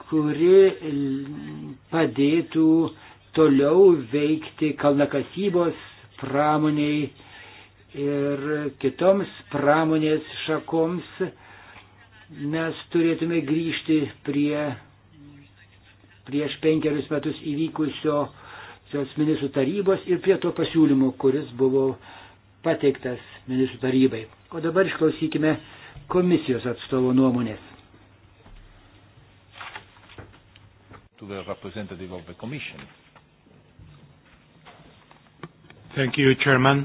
kuri padėtų toliau veikti kalnakasybos pramoniai ir kitoms pramonės šakoms. Mes turėtume grįžti prie prieš penkerius metus įvykusios ministrų tarybos ir prie to pasiūlymo, kuris buvo pateiktas ministrų tarybai. O dabar išklausykime komisijos atstovo nuomonės. To the representative of the commission. Thank you, Chairman.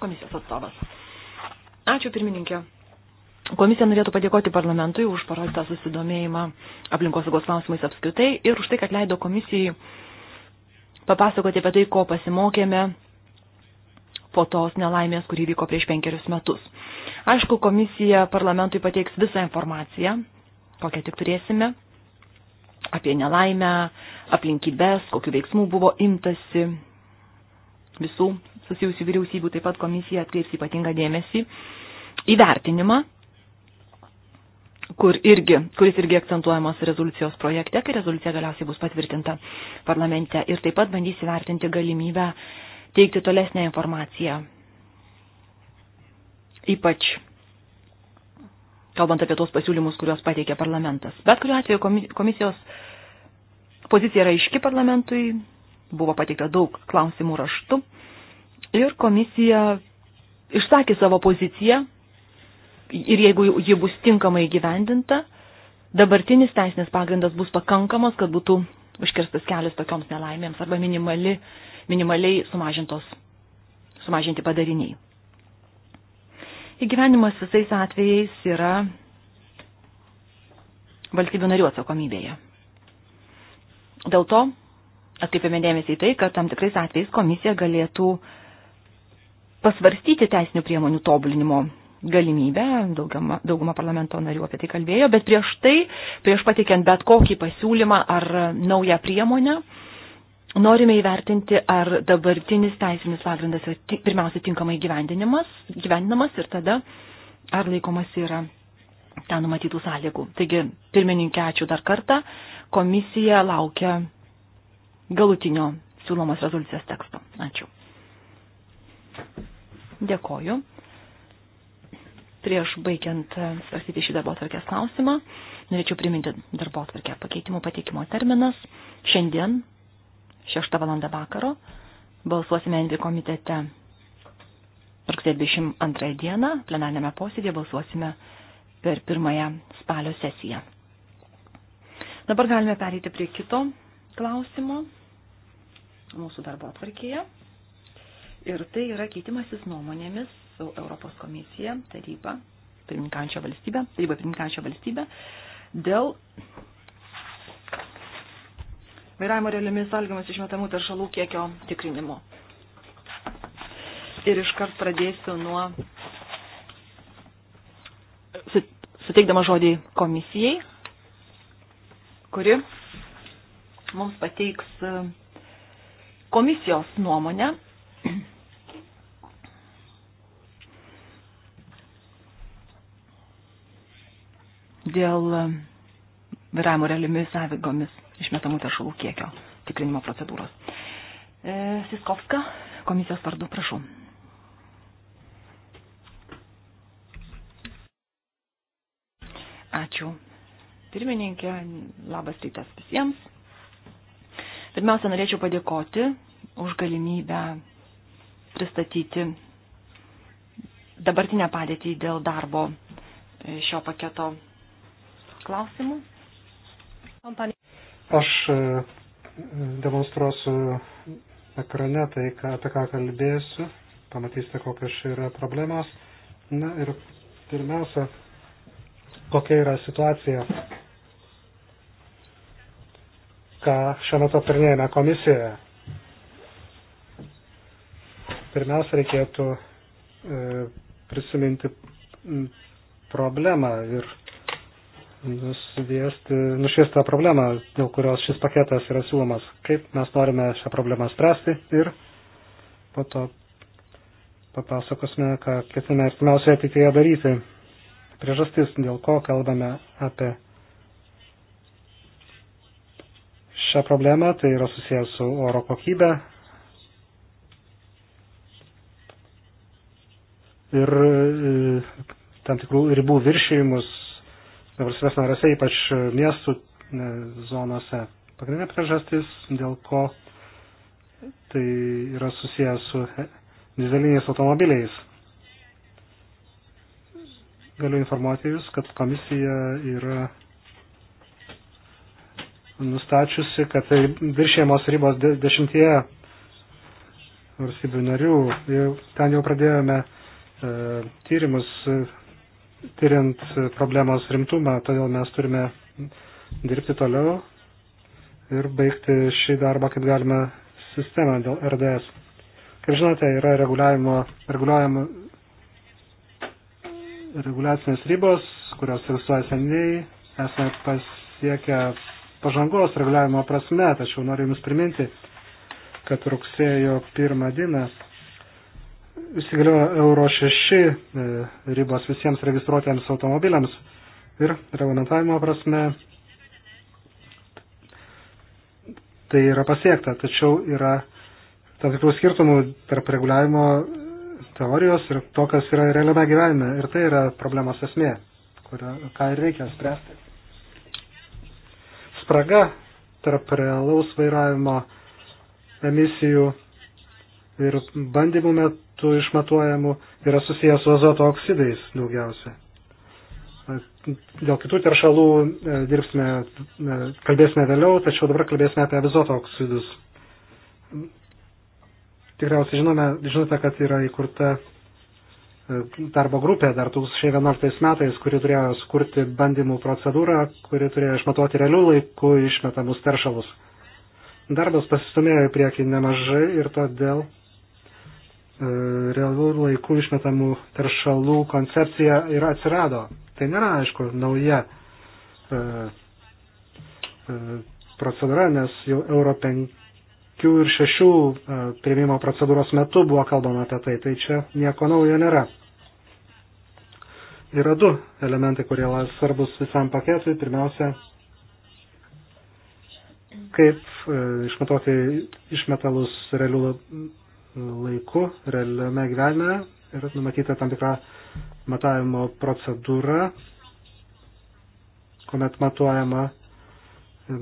Komisijos atstovas. Ačiū pirmininkė. Komisija norėtų padėkoti parlamentui už parodytą susidomėjimą aplinkosaugos klausimais apskritai ir už tai, kad leido komisijai papasakoti apie tai, ko pasimokėme po tos nelaimės, kurį vyko prieš penkerius metus. Aišku, komisija parlamentui pateiks visą informaciją, kokią tik turėsime, apie nelaimę, aplinkybės, kokiu veiksmu buvo imtasi visų susijusių vyriausybių, taip pat komisija atkreips ypatingą dėmesį į vertinimą, kur irgi, kuris irgi akcentuojamas rezoliucijos projekte, kai rezoliucija galiausiai bus patvirtinta parlamente ir taip pat bandys įvertinti galimybę teikti tolesnę informaciją ypač kalbant apie tos pasiūlymus, kuriuos pateikė parlamentas. Bet kuriuo atveju komisijos pozicija yra iški parlamentui, buvo pateikta daug klausimų raštų ir komisija išsakė savo poziciją ir jeigu ji bus tinkamai gyvendinta, dabartinis teisinės pagrindas bus pakankamas, kad būtų užkirstas kelias tokioms nelaimėms arba minimali, minimaliai sumažintos, sumažinti padariniai. Įgyvenimas visais atvejais yra valstybių narių atsakomybėje. Dėl to atkreipiame dėmesį į tai, kad tam tikrais atvejais komisija galėtų pasvarstyti teisinių priemonių tobulinimo galimybę, dauguma, dauguma parlamento narių apie tai kalbėjo, bet prieš tai, prieš patikiant bet kokį pasiūlymą ar naują priemonę, norime įvertinti, ar dabartinis teisinis pagrindas yra pirmiausia tinkamai gyvendinamas ir tada ar laikomas yra ten numatytų sąlygų. Taigi, pirmininkė, ačiū dar kartą. Komisija laukia galutinio siūlomos rezoliucijos teksto. Ačiū. Dėkoju. Prieš baigiant e, svarstyti šį darbo atvarkės klausimą, norėčiau priminti darbo atvarkę pakeitimo pateikimo terminas. Šiandien 6 val. vakaro. Balsuosime Envi komitete rugsėjo 22 dieną, plenarnėme posėdėje balsuosime per pirmąją spalio sesiją. Dabar galime pereiti prie kito klausimo mūsų darbo atvarkėje. Ir tai yra keitimasis nuomonėmis su Europos komisija, taryba, pirmininkančio valstybė, taryba pirmininkančio valstybė dėl vairavimo realiomis sąlygomis išmetamų taršalų kiekio tikrinimo. Ir iškart pradėsiu nuo suteikdama žodį komisijai, kuri mums pateiks e, komisijos nuomonę. Dėl e, vairavimo realiomis sąlygomis išmetamų teršalų kiekio tikrinimo procedūros. E, Siskovska, komisijos vardu, prašau. Ačiū. Pirmininkė, labas rytas visiems. Pirmiausia, norėčiau padėkoti už galimybę pristatyti dabartinę padėtį dėl darbo šio paketo klausimų. Aš e, demonstruosiu ekrane tai, ką, apie ką kalbėsiu. Pamatysite, kokios čia yra problemos. Na ir pirmiausia, kokia yra situacija, ką šiuo metu aptarnėjame komisijoje. Pirmiausia, reikėtų e, prisiminti problemą ir nusviesti, nušviesti tą problemą, dėl kurios šis paketas yra siūlomas, kaip mes norime šią problemą spręsti ir po to papasakosime, ką ketiname artimiausioje ateityje daryti. Priežastis, dėl ko kalbame apie šią problemą, tai yra susijęs su oro kokybė ir e, tam tikrų ribų viršėjimus valstybės narėse, ypač miestų e, zonose. Pagrindinė priežastis, dėl ko tai yra susijęs su e, dizeliniais automobiliais. Galiu informuoti Jūs, kad komisija yra nustačiusi, kad tai viršėjamos ribos dešimtie valstybių narių. Ten jau pradėjome e, tyrimus tyriant problemos rimtumą, todėl mes turime dirbti toliau ir baigti šį darbą, kaip galime, sistemą dėl RDS. Kaip žinote, yra reguliavimo, reguliavimo reguliacinės ribos, kurios egzistuoja seniai, esame pasiekę pažangos reguliavimo prasme, tačiau noriu Jums priminti, kad rugsėjo pirmą dieną įsigaliojo Euro 6 e, ribos visiems registruotiems automobiliams ir reglamentavimo prasme tai yra pasiekta, tačiau yra tam tikrų skirtumų tarp reguliavimo teorijos ir to, kas yra realiame gyvenime. Ir tai yra problemos esmė, kurio, ką ir reikia spręsti. Spraga tarp realaus vairavimo emisijų ir bandymų metu tų išmatuojamų yra susijęs su azoto oksidais daugiausia. Dėl kitų teršalų e, dirbsime, e, kalbėsime vėliau, tačiau dabar kalbėsime apie azoto oksidus. Tikriausiai žinome, žinote, kad yra įkurta e, darbo grupė dar 2011 metais, kuri turėjo skurti bandymų procedūrą, kuri turėjo išmatuoti realių laikų išmetamus teršalus. Darbas pasistumėjo į priekį nemažai ir todėl E, realų laikų išmetamų teršalų koncepcija ir atsirado. Tai nėra, aišku, nauja e, e, procedūra, nes jau Euro 5 ir 6 prieimimo procedūros metu buvo kalbama apie tai, tai čia nieko naujo nėra. Yra du elementai, kurie svarbus visam paketui. Pirmiausia, kaip išmatuoti išmetalus realių laiku, realiame gyvenime ir numatyta tam tikra matavimo procedūra, kuomet matuojama,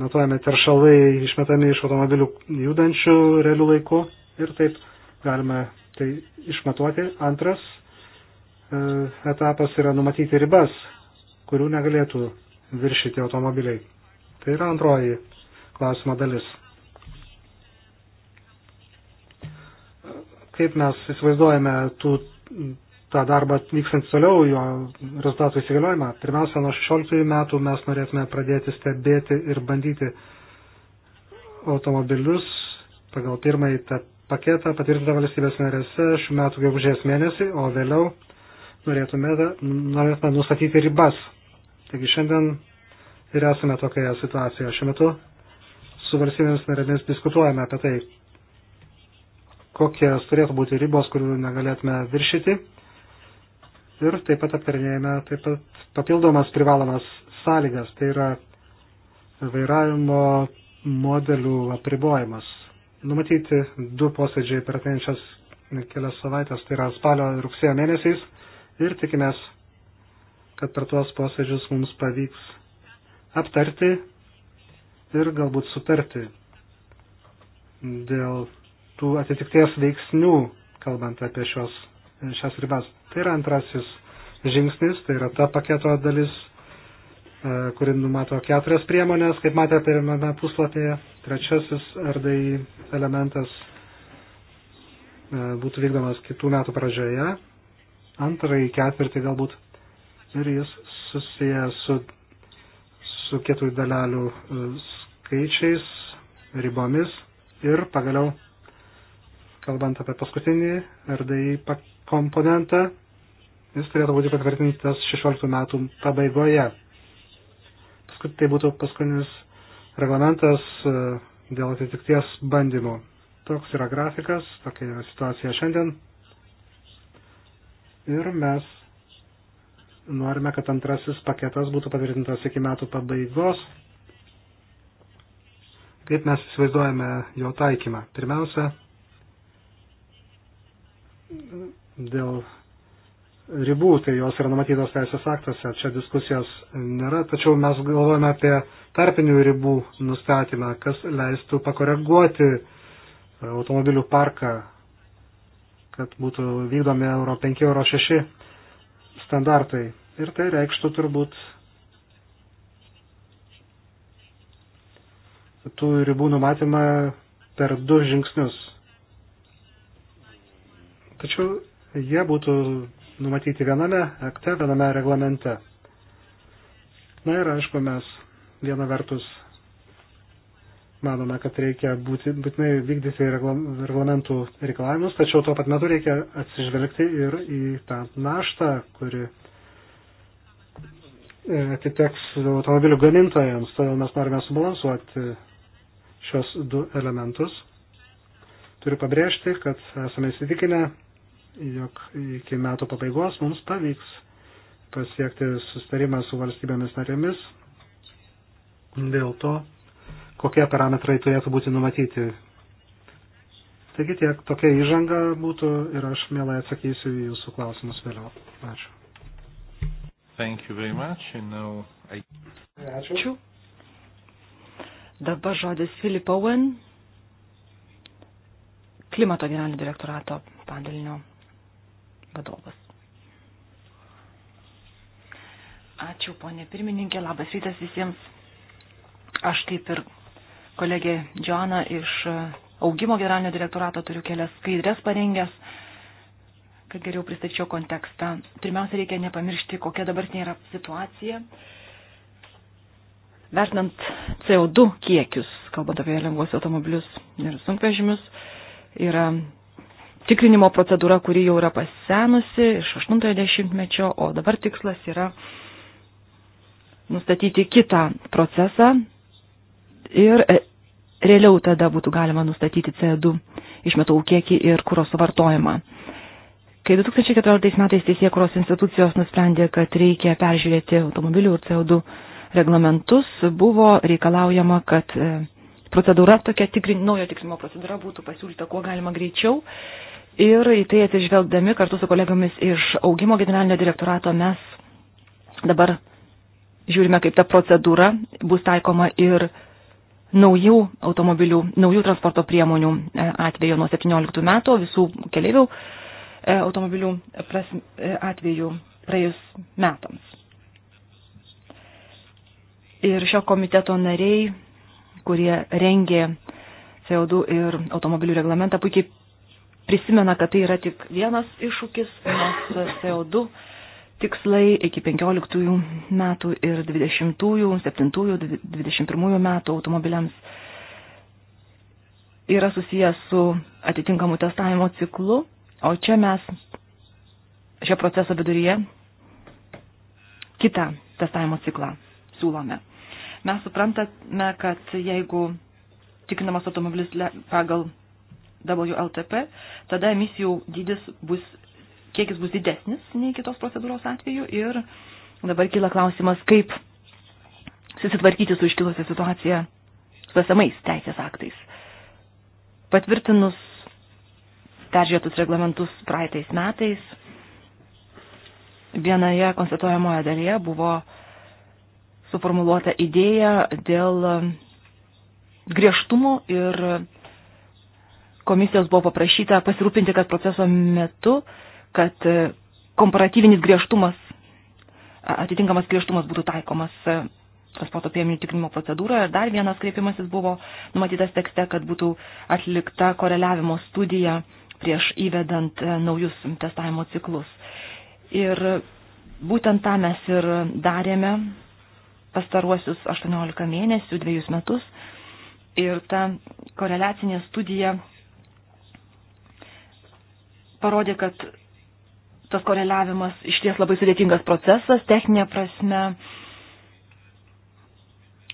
matuojami teršalai išmetami iš automobilių judančių realių laiku ir taip galime tai išmatuoti. Antras e, etapas yra numatyti ribas, kurių negalėtų viršyti automobiliai. Tai yra antroji klausimo dalis. kaip mes įsivaizduojame tų, tą darbą vykstant toliau, jo rezultatų įsigaliojimą. Pirmiausia, nuo 16 metų mes norėtume pradėti stebėti ir bandyti automobilius pagal pirmąjį tą paketą patvirtintą valstybės narėse šių metų gegužės mėnesį, o vėliau norėtume, norėtume nustatyti ribas. Taigi šiandien ir esame tokioje situacijoje. Šiuo metu su valstybėmis narėmis diskutuojame apie tai, kokios turėtų būti ribos, kurių negalėtume viršyti. Ir taip pat aptarinėjame taip pat papildomas privalomas sąlygas, tai yra vairavimo modelių apribojimas. Numatyti du posėdžiai per atėjančias kelias savaitės, tai yra spalio ir rugsėjo mėnesiais. Ir tikimės, kad per tuos posėdžius mums pavyks aptarti ir galbūt sutarti dėl tų atitikties veiksnių, kalbant apie šios, šias ribas. Tai yra antrasis žingsnis, tai yra ta paketo dalis, e, kuri numato keturias priemonės, kaip matė pirmame puslapyje. Trečiasis RDI elementas e, būtų vykdomas kitų metų pradžioje, antrąjį ketvirtį galbūt. Ir jis susijęs su, su kietųjų dalelių e, skaičiais, ribomis ir pagaliau kalbant apie paskutinį RDI komponentą, jis turėtų būti patvirtintas 16 metų pabaigoje. Paskut, tai būtų paskutinis reglamentas e, dėl atitikties bandymų. Toks yra grafikas, tokia yra situacija šiandien. Ir mes norime, kad antrasis paketas būtų patvirtintas iki metų pabaigos. Kaip mes įsivaizduojame jo taikymą? Pirmiausia, dėl ribų, tai jos yra numatytos teisės aktuose, čia diskusijos nėra, tačiau mes galvojame apie tarpinių ribų nustatymą, kas leistų pakoreguoti automobilių parką, kad būtų vykdomi Euro 5, Euro 6 standartai. Ir tai reikštų turbūt tų ribų numatymą per du žingsnius. Tačiau jie būtų numatyti viename akte, viename reglamente. Na ir aišku, mes viena vertus manome, kad reikia būti, būtinai vykdyti reglamentų reikalavimus, tačiau tuo pat metu reikia atsižvelgti ir į tą naštą, kuri e, atiteks automobilių gamintojams. Todėl mes norime subalansuoti šios du elementus. Turiu pabrėžti, kad esame įsitikinę, jog iki metų pabaigos mums pavyks pasiekti sustarimą su valstybėmis narėmis dėl to, kokie parametrai turėtų būti numatyti. Taigi tiek tokia įžanga būtų ir aš mielai atsakysiu į jūsų klausimus vėliau. Ačiū. Thank you very much. And now I... Ačiū. Ačiū. Dabar žodis Filip Owen, klimato generalinio direktorato padalinio vadovas. Ačiū, ponė pirmininkė, labas rytas visiems. Aš kaip ir kolegė Džona iš augimo generalinio direktorato turiu kelias skaidrės parengęs, kad geriau pristačiau kontekstą. Pirmiausia, reikia nepamiršti, kokia dabartinė yra situacija. Vertinant CO2 kiekius, kalbant apie lengvos automobilius ir sunkvežimius, yra tikrinimo procedūra, kuri jau yra pasenusi iš 80-mečio, o dabar tikslas yra nustatyti kitą procesą ir e, realiau tada būtų galima nustatyti CO2 išmetalų kiekį ir kūro suvartojimą. Kai 2014 metais Teisėkuros institucijos nusprendė, kad reikia peržiūrėti automobilių ir CO2 reglamentus, buvo reikalaujama, kad e, procedūra tokia tikrin, naujo tikrimo procedūra būtų pasiūlyta kuo galima greičiau Ir į tai atsižvelgdami kartu su kolegomis iš augimo generalinio direktorato mes dabar žiūrime, kaip ta procedūra bus taikoma ir naujų automobilių, naujų transporto priemonių e, atveju nuo 17 metų, visų keliaivių e, automobilių e, atveju praėjus metams. Ir šio komiteto nariai, kurie rengė CO2 ir automobilių reglamentą, puikiai prisimena, kad tai yra tik vienas iššūkis, nes CO2 tikslai iki 15 metų ir 20, 7, 21 metų automobiliams yra susijęs su atitinkamu testavimo ciklu, o čia mes šio proceso viduryje kitą testavimo ciklą siūlome. Mes suprantame, kad jeigu tikinamas automobilis pagal WLTP, tada emisijų dydis bus, kiekis bus didesnis nei kitos procedūros atveju ir dabar kyla klausimas, kaip susitvarkyti su iškilusią situaciją su esamais teisės aktais. Patvirtinus peržiūrėtus reglamentus praeitais metais, vienoje konstatuojamoje dalyje buvo suformuluota idėja dėl griežtumo ir komisijos buvo paprašyta pasirūpinti, kad proceso metu, kad e, komparatyvinis griežtumas, atitinkamas griežtumas būtų taikomas e, transporto priemonių tikrinimo procedūroje. Ir dar vienas kreipimasis buvo numatytas tekste, kad būtų atlikta koreliavimo studija prieš įvedant e, naujus testavimo ciklus. Ir būtent tą mes ir darėme pastaruosius 18 mėnesių, dviejus metus. Ir ta koreliacinė studija parodė, kad tas koreliavimas iš ties labai sudėtingas procesas, techninė prasme.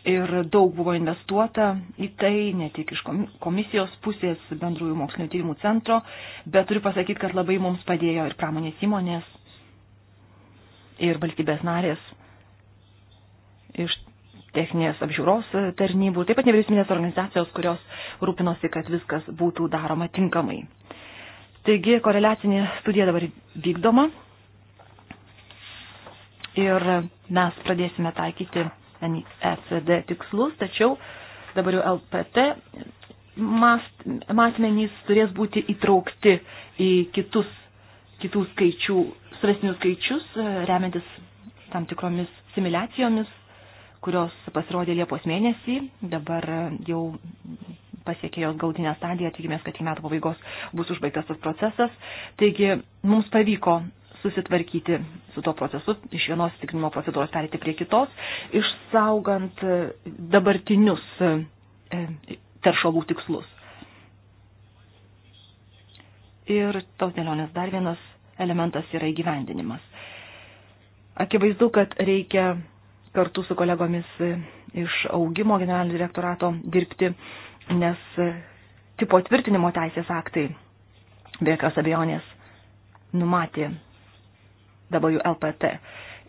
Ir daug buvo investuota į tai, ne tik iš komisijos pusės bendrųjų mokslinio tyrimų centro, bet turiu pasakyti, kad labai mums padėjo ir pramonės įmonės, ir valstybės narės iš techninės apžiūros tarnybų, taip pat nevyriausybinės organizacijos, kurios rūpinosi, kad viskas būtų daroma tinkamai. Taigi koreliacinė studija dabar vykdoma ir mes pradėsime taikyti NSD tikslus, tačiau dabar jau LPT matmenys turės būti įtraukti į kitus, kitų skaičių, svaresnius skaičius, e, remiantis tam tikromis similiacijomis, kurios pasirodė Liepos mėnesį, dabar e, jau pasiekė jos gaudinę stadiją, tikimės, kad į metų pabaigos bus užbaigtas tas procesas. Taigi mums pavyko susitvarkyti su tuo procesu, iš vienos tikrinimo procedūros perėti prie kitos, išsaugant e, dabartinius e, e, teršalų tikslus. Ir tos dėlionės dar vienas elementas yra įgyvendinimas. Akivaizdu, kad reikia kartu su kolegomis iš augimo generalinio direktorato dirbti nes e, tipo tvirtinimo teisės aktai, be jokios abejonės, numatė WLPT.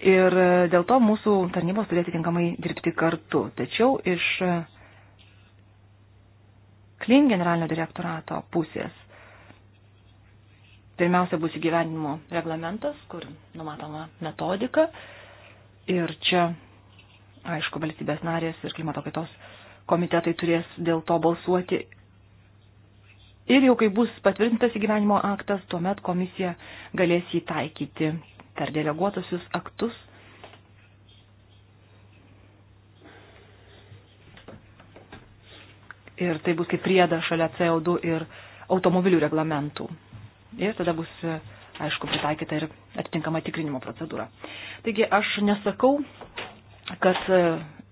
Ir e, dėl to mūsų tarnybos turi atitinkamai dirbti kartu. Tačiau iš Klin e, generalinio direktorato pusės pirmiausia bus įgyvenimo reglamentas, kur numatoma metodika. Ir čia, aišku, valstybės narės ir klimato kaitos komitetai turės dėl to balsuoti. Ir jau kai bus patvirtintas įgyvenimo aktas, tuomet komisija galės jį taikyti per deleguotosius aktus. Ir tai bus kaip prieda šalia CO2 ir automobilių reglamentų. Ir tada bus, aišku, pritaikyta ir atitinkama tikrinimo procedūra. Taigi aš nesakau, kad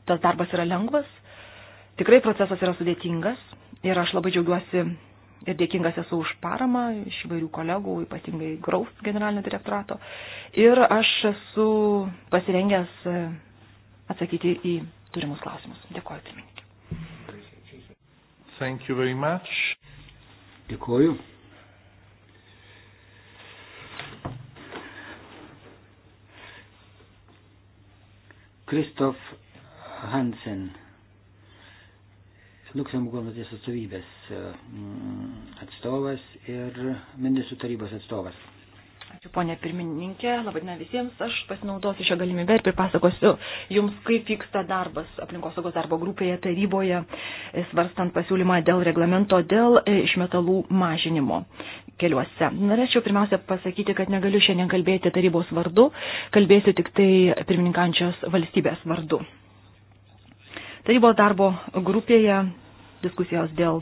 tas darbas yra lengvas, Tikrai procesas yra sudėtingas ir aš labai džiaugiuosi ir dėkingas esu už paramą iš įvairių kolegų, ypatingai Graus generalinio direktorato. Ir aš esu pasirengęs e, atsakyti į turimus klausimus. Dėkuoju, pirmininkė. Thank you very much. Dėkuoju. Kristof Hansen. Luksemburgo nuotės atstovybės mm, atstovas ir ministrų tarybos atstovas. Ačiū, ponė pirmininkė, labadiena visiems. Aš pasinaudosiu šią galimybę ir pripasakosiu jums, kaip vyksta darbas aplinkosaugos darbo grupėje taryboje, svarstant pasiūlymą dėl reglamento dėl e, išmetalų mažinimo keliuose. Norėčiau pirmiausia pasakyti, kad negaliu šiandien kalbėti tarybos vardu, kalbėsiu tik tai pirmininkančios valstybės vardu. Tarybos darbo grupėje diskusijos dėl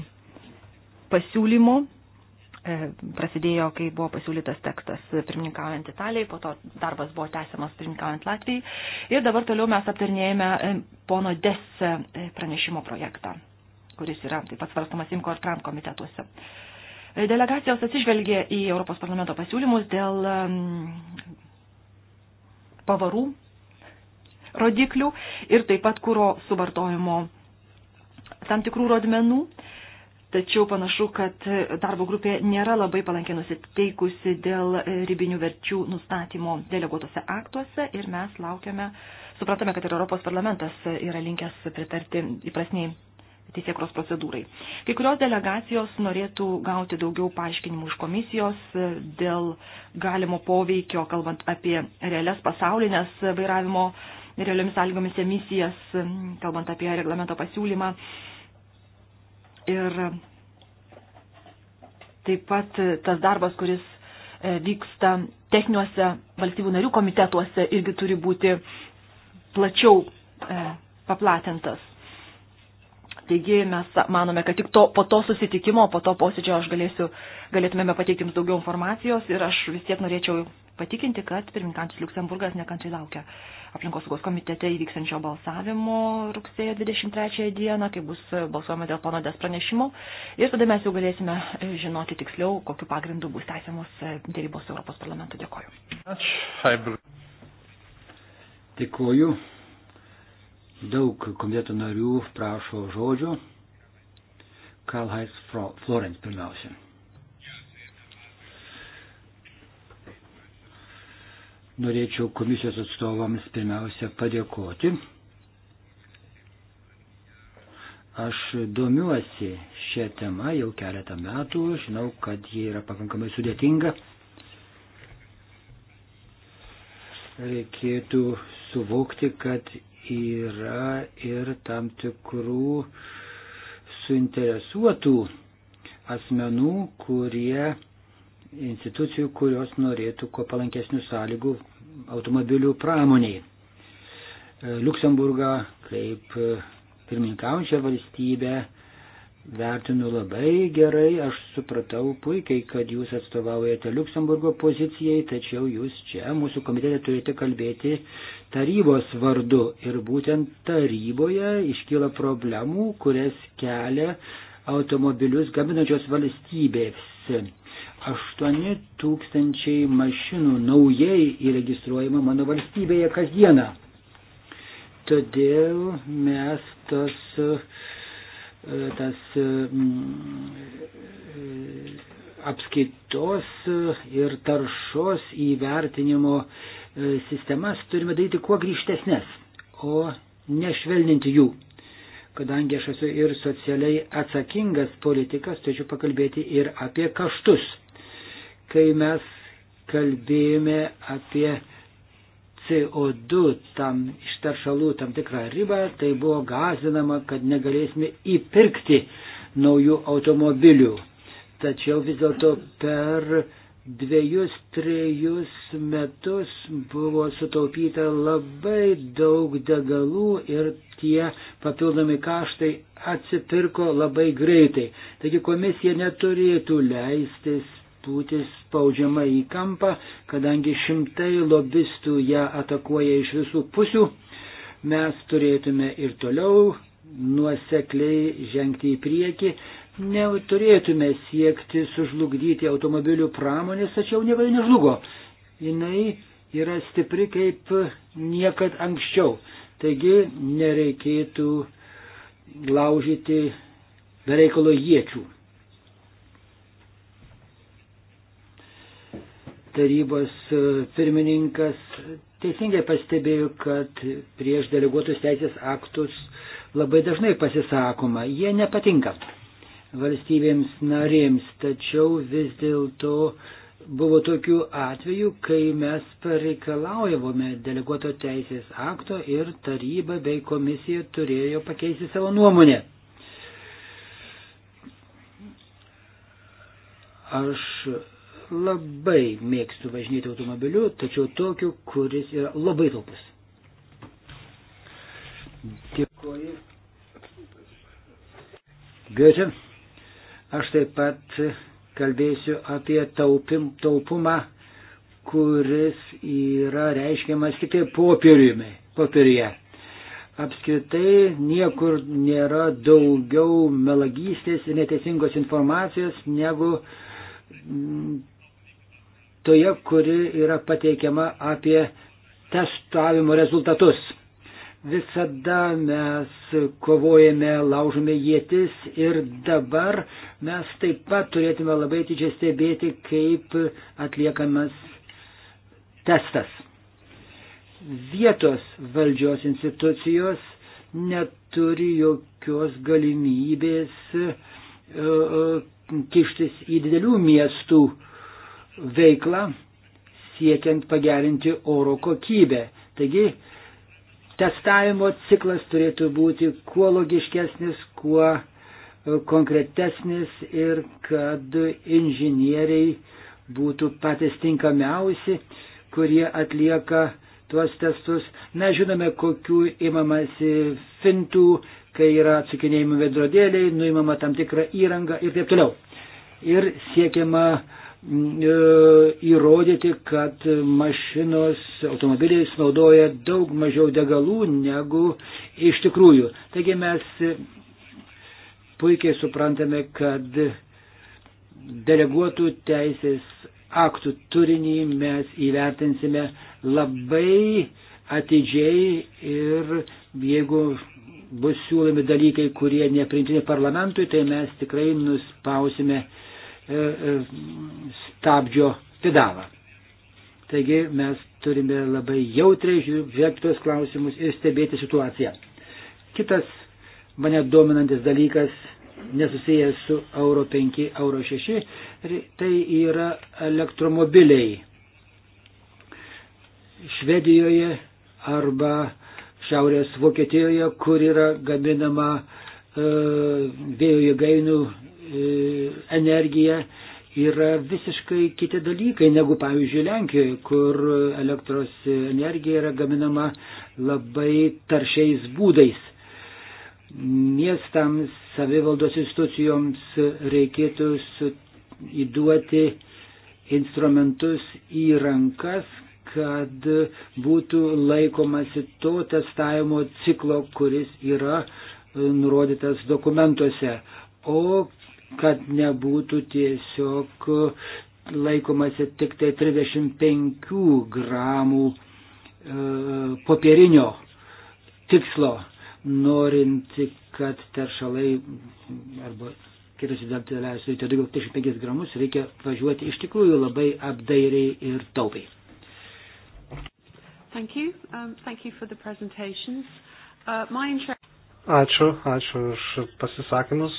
pasiūlymo e, prasidėjo, kai buvo pasiūlytas tekstas pirmininkaujant Italijai, po to darbas buvo tęsiamas pirmininkaujant Latvijai. Ir dabar toliau mes aptarnėjame e, pono Des e, pranešimo projektą, kuris yra taip pat svarstamas Imko ir Tram komitetuose. Delegacijos atsižvelgė į Europos parlamento pasiūlymus dėl pavarų rodiklių ir taip pat kūro suvartojimo tam tikrų rodmenų. Tačiau panašu, kad darbo grupė nėra labai palankiai nusiteikusi dėl ribinių verčių nustatymo deleguotose aktuose ir mes laukiame, suprantame, kad ir Europos parlamentas yra linkęs pritarti įprasniai teisėkros procedūrai. Kai kurios delegacijos norėtų gauti daugiau paaiškinimų iš komisijos dėl galimo poveikio, kalbant apie realias pasaulinės vairavimo realiomis sąlygomis emisijas, kalbant apie reglamento pasiūlymą. Ir taip pat tas darbas, kuris e, vyksta techniuose valstybių narių komitetuose, irgi turi būti plačiau e, paplatintas. Taigi mes manome, kad tik to, po to susitikimo, po to posėdžio aš galėsiu, galėtumėme pateikti jums daugiau informacijos ir aš vis tiek norėčiau patikinti, kad pirmininkantis Luksemburgas nekantriai laukia aplinkosaugos komitete įvyksančio balsavimo rugsėjo 23 dieną, kai bus balsuojama dėl pono des pranešimo. Ir tada mes jau galėsime e, žinoti tiksliau, kokiu pagrindu bus teisiamos e, dėrybos Europos parlamento. Dėkoju. Ačiū. Dėkoju. Daug komiteto narių prašo žodžio. Karl Heinz Florenz pirmiausia. norėčiau komisijos atstovams pirmiausia padėkoti. Aš domiuosi šią temą jau keletą metų, žinau, kad ji yra pakankamai sudėtinga. Reikėtų suvokti, kad yra ir tam tikrų suinteresuotų asmenų, kurie institucijų, kurios norėtų kuo palankesnių sąlygų automobilių pramoniai. E, Luksemburgą kaip e, pirmininkaujančią valstybę vertinu labai gerai, aš supratau puikiai, kad jūs atstovaujate Luksemburgo pozicijai, tačiau jūs čia mūsų komitete turite kalbėti tarybos vardu ir būtent taryboje iškyla problemų, kurias kelia automobilius gaminančios valstybės 8 tūkstančiai mašinų naujai įregistruojama mano valstybėje kasdieną. Todėl mes tos, e, tas e, e, apskaitos ir taršos įvertinimo sistemas turime daryti kuo grįžtesnės, o nešvelninti jų. Kadangi aš esu ir socialiai atsakingas politikas, tačiau pakalbėti ir apie kaštus kai mes kalbėjome apie CO2 tam iš taršalų tam tikrą ribą, tai buvo gazinama, kad negalėsime įpirkti naujų automobilių. Tačiau vis dėlto per dviejus, trejus metus buvo sutaupyta labai daug degalų ir tie papildomi kaštai atsipirko labai greitai. Taigi komisija neturėtų leistis būti spaudžiama į kampą, kadangi šimtai lobistų ją atakuoja iš visų pusių, mes turėtume ir toliau nuosekliai žengti į priekį, neturėtume siekti sužlugdyti automobilių pramonės, tačiau nieko nežlugo. Jinai yra stipri kaip niekad anksčiau. Taigi nereikėtų laužyti bereikalo iečių. tarybos e, pirmininkas teisingai pastebėjo, kad prieš deleguotus teisės aktus labai dažnai pasisakoma, jie nepatinka valstybėms narėms, tačiau vis dėlto buvo tokių atvejų, kai mes pareikalaujavome deleguoto teisės akto ir taryba bei komisija turėjo pakeisti savo nuomonę. Aš labai mėgstu važinėti automobiliu, tačiau tokiu, kuris yra labai taupus. Dėkuoju. Goethe, aš taip pat kalbėsiu apie taupim, taupumą, kuris yra reiškiamas tik tai popieriumi, popieriuje. Apskritai niekur nėra daugiau melagystės ir neteisingos informacijos negu toje, kuri yra pateikiama apie testavimo rezultatus. Visada mes kovojame, laužome jėtis ir dabar mes taip pat turėtume labai tyčiai stebėti, kaip atliekamas testas. Vietos valdžios institucijos neturi jokios galimybės e, e, kištis į didelių miestų uh, veiklą siekiant pagerinti oro kokybę. Taigi, testavimo ciklas turėtų būti kuo logiškesnis, kuo e, konkretesnis ir kad inžinieriai būtų patys tinkamiausi, kurie atlieka tuos testus. Mes žinome, kokiu imamasi fintų, kai yra atsakinėjami vedrodėliai, nuimama tam tikra įranga ir taip toliau. Ir siekiama uh, E, įrodyti, kad mašinos, automobiliai naudoja daug mažiau degalų negu iš tikrųjų. Taigi mes puikiai suprantame, kad deleguotų teisės aktų turinį mes įvertinsime labai atidžiai ir jeigu bus siūlomi dalykai, kurie neprintini parlamentui, tai mes tikrai nuspausime E, e, stabdžio pedalą. Taigi mes turime labai jautriai žiūrėti tuos klausimus ir stebėti situaciją. Kitas mane dominantis dalykas nesusijęs su Euro 5, Euro 6, tai yra elektromobiliai. Švedijoje arba Šiaurės Vokietijoje, kur yra gaminama uh, E, vėjo jėgainių e, energija yra visiškai kiti dalykai negu, pavyzdžiui, Lenkijoje, kur elektros energija yra gaminama labai taršiais būdais. Miestams, savivaldos institucijoms reikėtų įduoti instrumentus į rankas, kad būtų laikomasi to testavimo ciklo, kuris yra uh, nurodytas dokumentuose, o kad nebūtų tiesiog laikomasi tik tai 35 gramų e, popierinio tikslo, norint, kad teršalai arba kitas įdarbtelės turėtų daugiau 35 gramus, reikia važiuoti iš tikrųjų labai apdairiai ir taupiai. Thank you. Um, thank you for the presentations. Uh, my interest Ačiū, ačiū už pasisakymus.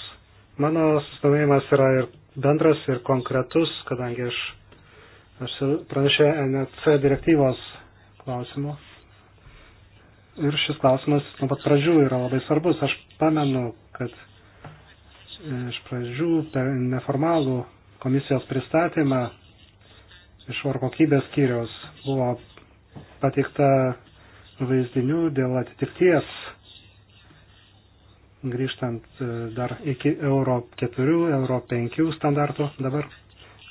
Mano susidomėjimas yra ir bendras, ir konkretus, kadangi aš, aš pranešė NC e direktyvos klausimų. Ir šis klausimas nuo pat pradžių yra labai svarbus. Aš pamenu, kad e, iš pradžių per neformalų komisijos pristatymą iš oro kokybės skyriaus buvo pateikta vaizdinių dėl atitikties grįžtant e, dar iki euro 4, euro 5 standartų, dabar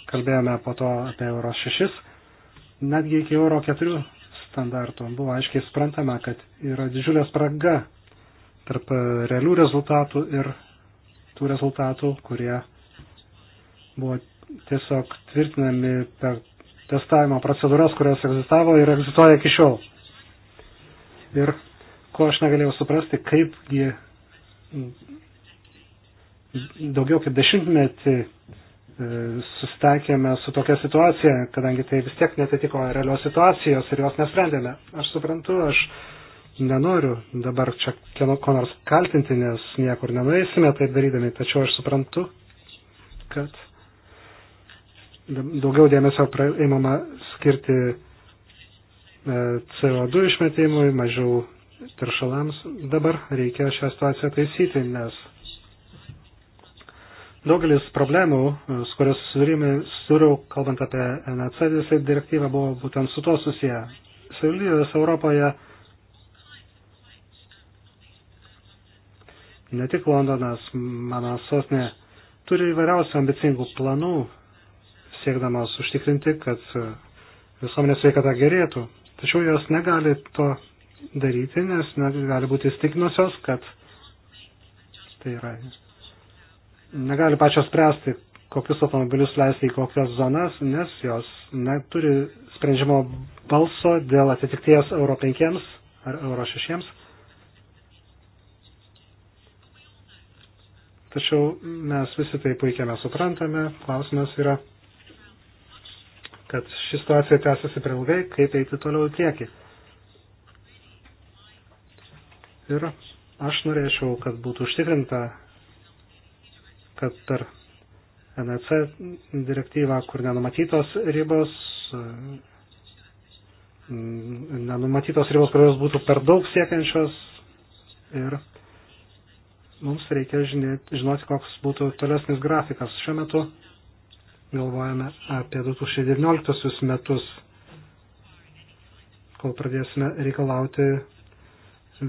kalbėjome po to apie euro 6, netgi iki euro 4 standartų buvo aiškiai suprantama, kad yra didžiulė spraga tarp realių rezultatų ir tų rezultatų, kurie buvo tiesiog tvirtinami per testavimo procedūras, kurios egzistavo ir egzistuoja iki šiol. Ir ko aš negalėjau suprasti, kaipgi daugiau kaip dešimtmetį e, susitaikėme su tokia situacija, kadangi tai vis tiek netitiko realios situacijos ir jos nesprendėme. Aš suprantu, aš nenoriu dabar čia kieno ko nors kaltinti, nes niekur nenueisime taip darydami, tačiau aš suprantu, kad daugiau dėmesio įmama skirti e, CO2 išmetimui, mažiau teršalams, dabar reikia šią situaciją taisyti, nes daugelis problemų, eh, su kurios susidūriau, kalbant apie NAC e visai direktyvą, buvo būtent su to susiję. Savivaldybės Europoje, ne tik Londonas, mano sostinė, turi įvairiausių ambicingų planų, siekdamas užtikrinti, kad visuomenės sveikata gerėtų. Tačiau jos negali to daryti, nes net gali būti įstikinusios, kad tai yra. Negali pačios spręsti, kokius automobilius leisti į kokias zonas, nes jos neturi sprendžimo balso dėl atitikties Euro 5 ar Euro 6. Tačiau mes visi tai puikiai mes suprantame. Klausimas yra, kad ši situacija tęsiasi per ilgai, kaip eiti toliau tiekį. Ir aš norėčiau, kad būtų užtikrinta, kad per NEC direktyvą, kur nenumatytos ribos, mm, nenumatytos ribos, kurios būtų per daug siekiančios ir mums reikia žinėti, žinoti, koks būtų tolesnis grafikas. Šiuo metu galvojame apie 2019 metus, kol pradėsime reikalauti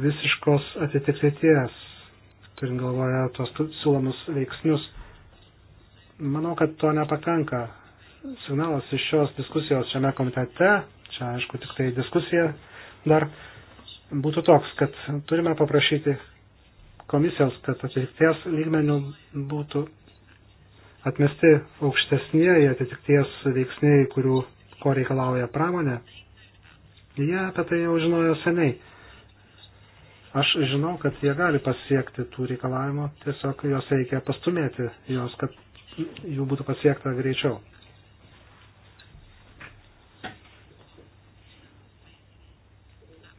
visiškos atitikties, turint galvoje tos siūlomus veiksnius. Manau, kad to nepakanka. Signalas iš šios diskusijos šiame komitete, čia aišku tik tai diskusija dar, būtų toks, kad turime paprašyti komisijos, kad atitikties lygmenių būtų atmesti aukštesnieji atitikties veiksniai, kurių ko reikalauja pramonė. Jie apie tai jau žinojo seniai. Aš žinau, kad jie gali pasiekti tų reikalavimų, tiesiog juos reikia pastumėti, jos, kad jų būtų pasiekta greičiau.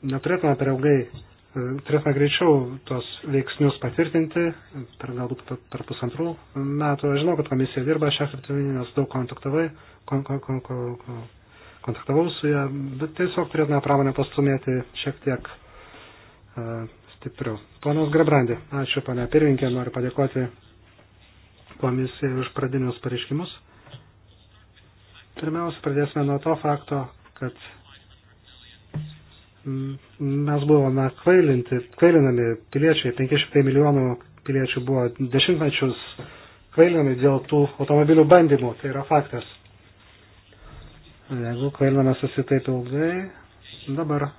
Neturėtume per ilgai, e, turėtume greičiau tos veiksnius patvirtinti, per, galbūt per pusantrų metų. Aš žinau, kad komisija dirba šią kryptimį, nes daug kontaktavai, kon, kon, kon, kon, kon, kontaktavau su ją, bet tiesiog turėtume pramonę pastumėti šiek tiek E, stipriau. Ponas Grabrandi, ačiū, pane pirminkė, noriu padėkoti komisijai už pradinius pareiškimus. Pirmiausia, pradėsime nuo to fakto, kad mes buvome kvailinti, kvailinami piliečiai, 500 milijonų piliečių buvo dešimtmečius kvailinami dėl tų automobilių bandymų, tai yra faktas. Jeigu kvailinamės visi taip ilgai, dabar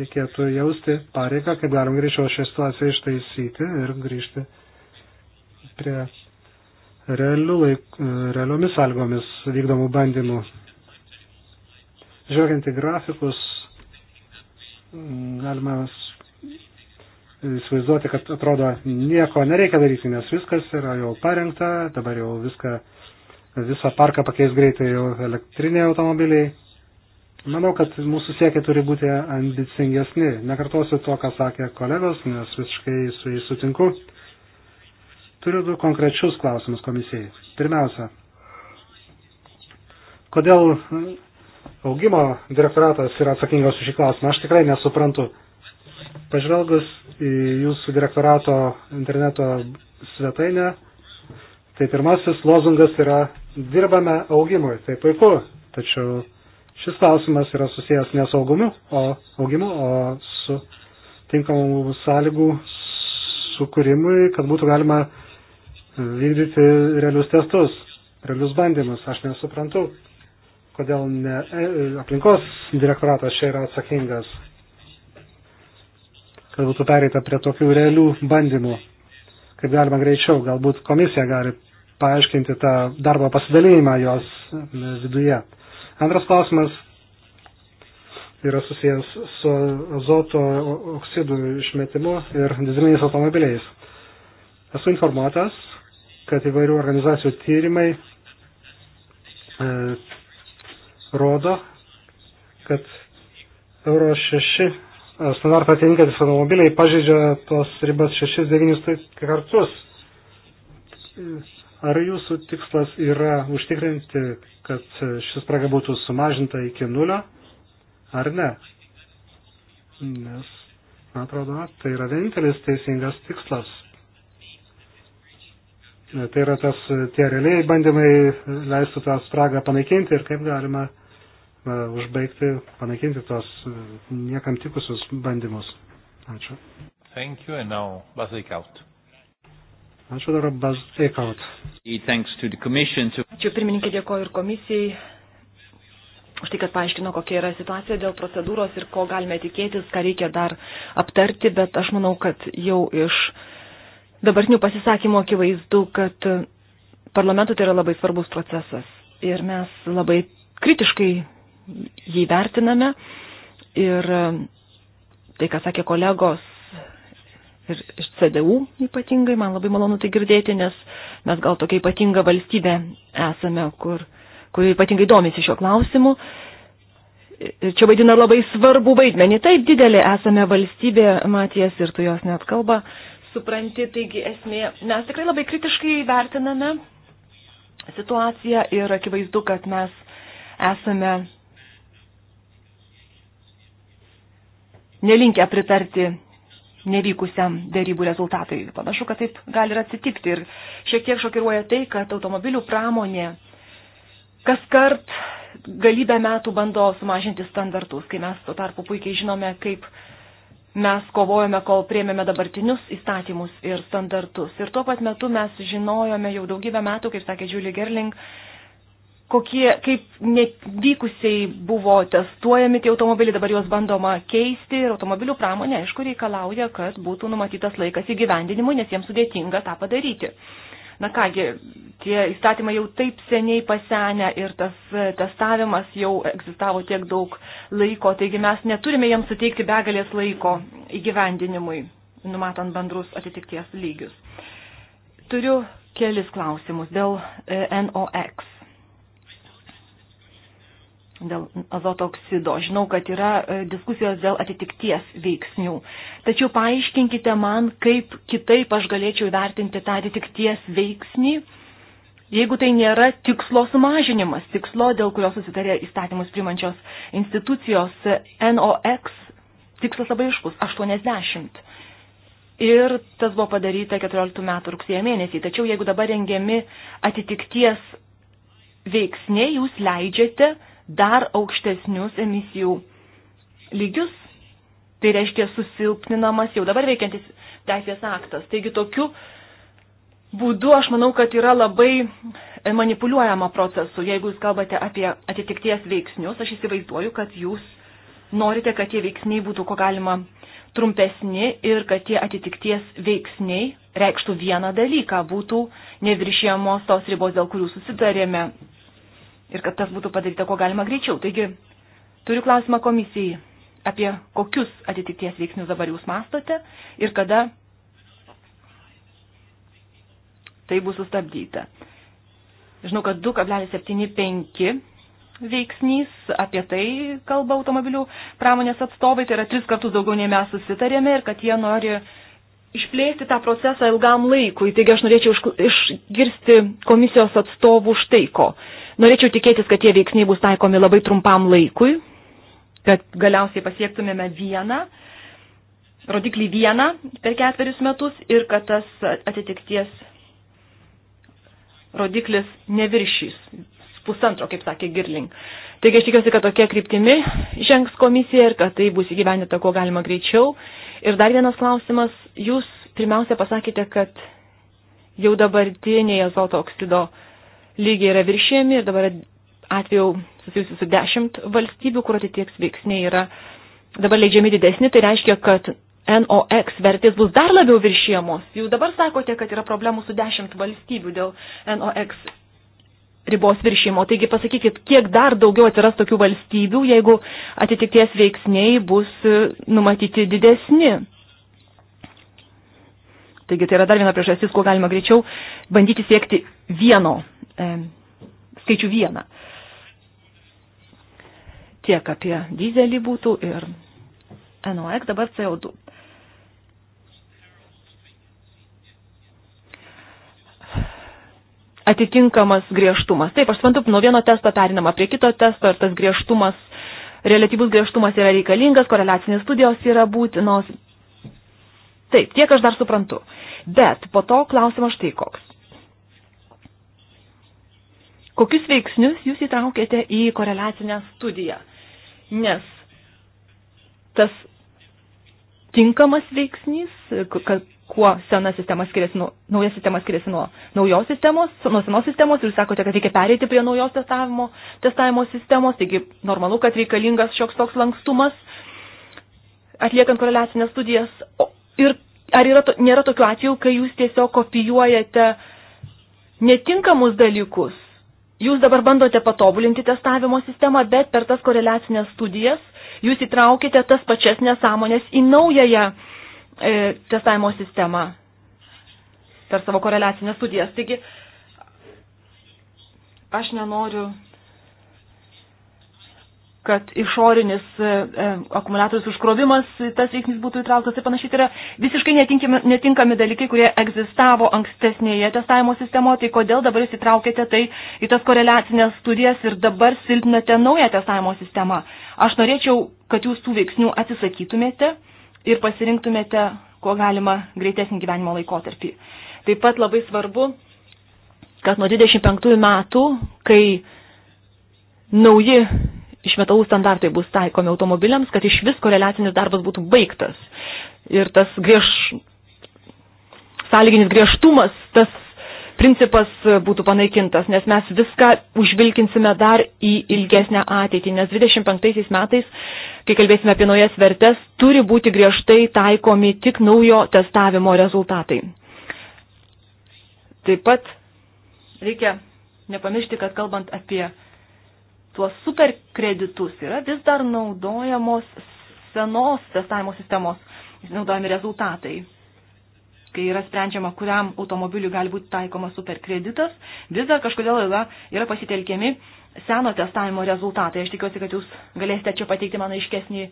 reikėtų jausti pareigą, kaip galim greičiau šią situaciją ištaisyti ir grįžti prie realių laik, realiomis sąlygomis vykdomų bandymų. Žiūrint į grafikus, galima įsivaizduoti, kad atrodo nieko nereikia daryti, nes viskas yra jau parengta, dabar jau viską, visą parką pakeis greitai jau elektriniai automobiliai. Manau, kad mūsų siekiai turi būti ambicingesni. Nekartosiu to, ką sakė kolegos, nes visiškai su jais sutinku. Turiu du konkrečius klausimus komisijai. Pirmiausia, kodėl augimo direktoratas yra atsakingas už šį klausimą? Aš tikrai nesuprantu. Pažvelgus į jūsų direktorato interneto svetainę, tai pirmasis lozungas yra dirbame augimui. Tai puiku, tačiau Šis klausimas yra susijęs ne su augimu, o, augimu, o su tinkamų sąlygų sukūrimui, kad būtų galima vykdyti realius testus, realius bandymus. Aš nesuprantu, kodėl ne e, aplinkos direktoratas čia yra atsakingas, kad būtų pereita prie tokių realių bandymų, kaip galima greičiau. Galbūt komisija gali paaiškinti tą darbo pasidalėjimą jos viduje. Antras klausimas yra susijęs su azoto oksidų išmetimu ir dizeliniais automobiliais. Esu informuotas, kad įvairių organizacijų tyrimai e, rodo, kad Euro 6 e, standartą atitinkantis automobiliai pažeidžia tos ribas 6-9 kartus. Ar jūsų tikslas yra užtikrinti, kad šis spraga būtų sumažinta iki nulio, ar ne? Nes, man atrodo, tai yra vienintelis teisingas tikslas. Tai yra tas tie realiai bandymai leistų tą spragą panaikinti ir kaip galima uh, užbaigti, panaikinti tos uh, e, niekam tikusius bandymus. Ačiū. Thank you and now, Basil Kaut. Ačiū dar Buzz Eichhout. Ačiū pirmininkė, dėkoju ir komisijai. Už tai, kad paaiškino, kokia yra situacija dėl procedūros ir ko galime tikėtis, ką reikia dar aptarti, bet aš manau, kad jau iš dabartinių pasisakymų akivaizdu, kad parlamentui tai yra labai svarbus procesas ir mes labai kritiškai jį vertiname ir tai, ką sakė kolegos, ir iš CDU ypatingai, man labai malonu tai girdėti, nes mes gal tokia ypatinga valstybė esame, kur, kuri ypatingai domisi šiuo klausimu. Ir čia vaidina labai svarbu vaidmenį. Taip didelė esame valstybė, Matijas, ir tu jos net kalba, supranti, taigi esmė, mes tikrai labai kritiškai vertiname situaciją ir akivaizdu, kad mes esame nelinkę pritarti nevykusiam dėrybų rezultatui. Panašu, kad taip gali ir atsitikti. Ir šiek tiek šokiruoja tai, kad automobilių pramonė kas kart galybę metų bando sumažinti standartus, kai mes tuo tarpu puikiai žinome, kaip mes kovojome, kol priemėme dabartinius įstatymus ir standartus. Ir tuo pat metu mes žinojome jau daugybę metų, kaip sakė Julie Gerling, kokie, kaip nevykusiai buvo testuojami tie automobiliai, dabar juos bandoma keisti ir automobilių pramonė, aišku, reikalauja, kad būtų numatytas laikas įgyvendinimui, nes jiems sudėtinga tą padaryti. Na kągi, tie įstatymai jau taip seniai pasenę ir tas testavimas jau egzistavo tiek daug laiko, taigi mes neturime jiems suteikti begalės laiko įgyvendinimui, numatant bendrus atitikties lygius. Turiu kelis klausimus dėl e, NOX dėl azoto oksido. Žinau, kad yra e, diskusijos dėl atitikties veiksnių. Tačiau paaiškinkite man, kaip kitaip aš galėčiau vertinti tą atitikties veiksnį, jeigu tai nėra tikslo sumažinimas, tikslo, dėl kurio susitarė įstatymus primančios institucijos e, NOX. Tikslas labai iškus - 80. Ir tas buvo padaryta 14 metų rugsėjo mėnesį. Tačiau jeigu dabar rengiami atitikties veiksniai, jūs leidžiate dar aukštesnius emisijų lygius. Tai reiškia susilpninamas jau dabar veikiantis teisės aktas. Taigi tokiu būdu aš manau, kad yra labai manipuliuojama procesu. Jeigu jūs kalbate apie atitikties veiksnius, aš įsivaizduoju, kad jūs norite, kad tie veiksniai būtų ko galima trumpesni ir kad tie atitikties veiksniai reikštų vieną dalyką, būtų neviršėjamos tos ribos, dėl kurių susitarėme ir kad tas būtų padaryta kuo galima greičiau. Taigi, turiu klausimą komisijai, apie kokius atitikties veiksnius dabar jūs mastote ir kada tai bus sustabdyta. Žinau, kad 2,75 veiksnys, apie tai kalba automobilių pramonės atstovai, tai yra tris kartus daugiau nei mes susitarėme ir kad jie nori išplėsti tą procesą ilgam laikui. Taigi aš norėčiau išgirsti komisijos atstovų štai ko. Uh, Norėčiau tikėtis, kad tie veiksniai bus taikomi labai trumpam laikui, kad galiausiai pasiektumėme vieną, rodiklį vieną per ketverius metus ir kad tas atitikties rodiklis neviršys pusantro, kaip sakė Girling. Taigi aš tikiuosi, kad tokia kryptimi žengs komisija ir kad tai bus įgyvendinta kuo galima greičiau. Ir dar vienas klausimas. Jūs pirmiausia pasakėte, kad jau dabartinėje azoto oksido lygiai yra viršėjami ir dabar atveju susijusi su dešimt valstybių, kur atitieks veiksniai yra dabar leidžiami didesni, tai reiškia, kad NOX vertės bus dar labiau viršijamos. Jau dabar sakote, kad yra problemų su dešimt valstybių dėl NOX ribos viršimo. Taigi pasakykit, kiek dar daugiau atsiras tokių valstybių, jeigu atitikties veiksniai bus numatyti didesni. Taigi tai yra dar viena priežastis, kuo galima greičiau bandyti siekti vieno, e, skaičių vieną. Tiek apie dizelį būtų ir NOX, dabar CO2. Atitinkamas griežtumas. Taip, aš suprantu, nuo vieno testo perinama prie kito testo ir tas griežtumas, relatyvus griežtumas yra reikalingas, koreliacinės studijos yra būtinos, Taip, tiek aš dar suprantu. Bet po to klausimas štai koks. Kokius veiksnius jūs įtraukėte į koreliacinę studiją? Nes tas tinkamas veiksnys, kad kuo sena sistema skiriasi nuo, nauja sistema skiriasi nuo naujos sistemos, nuo senos sistemos ir jūs sakote, kad reikia pereiti prie naujos testavimo, testavimo sistemos, taigi normalu, kad reikalingas šioks toks lankstumas atliekant koreliacinės studijas, o, Ir ar yra to, nėra tokių atvejų, kai jūs tiesiog kopijuojate netinkamus dalykus? Jūs dabar bandote patobulinti testavimo sistemą, bet per tas koreliacinės studijas jūs įtraukite tas pačias nesąmonės į naująją e, testavimo sistemą per savo koreliacinės studijas. Taigi, aš nenoriu kad išorinis e, e, akumuliatorius užkrovimas, tas veiksnys būtų įtrauktas ir panašiai. Tai yra visiškai netinkami, netinkami dalykai, kurie egzistavo ankstesnėje testavimo sistemoje. Tai kodėl dabar jūs įtraukėte tai į tas koreliacinės studijas ir dabar silpnate naują testavimo sistemą? Aš norėčiau, kad jūs tų veiksnių atsisakytumėte ir pasirinktumėte, kuo galima, greitesnį gyvenimo laikotarpį. Taip pat labai svarbu, kad nuo 25 metų, kai nauji išmetalų standartai bus taikomi automobiliams, kad iš vis koreliacinis darbas būtų baigtas. Ir tas griež... sąlyginis griežtumas, tas principas būtų panaikintas, nes mes viską užvilkinsime dar į ilgesnę ateitį, nes 25 metais, kai kalbėsime apie naujas vertes, turi būti griežtai taikomi tik naujo testavimo rezultatai. Taip pat reikia nepamiršti, kad kalbant apie tuos superkreditus yra vis dar naudojamos senos testavimo sistemos naudojami rezultatai. Kai yra sprendžiama, kuriam automobiliui gali būti taikomas superkreditas, vis dar kažkodėl yra, yra pasitelkiami seno testavimo rezultatai. Aš tikiuosi, kad jūs galėsite čia pateikti man aiškesnį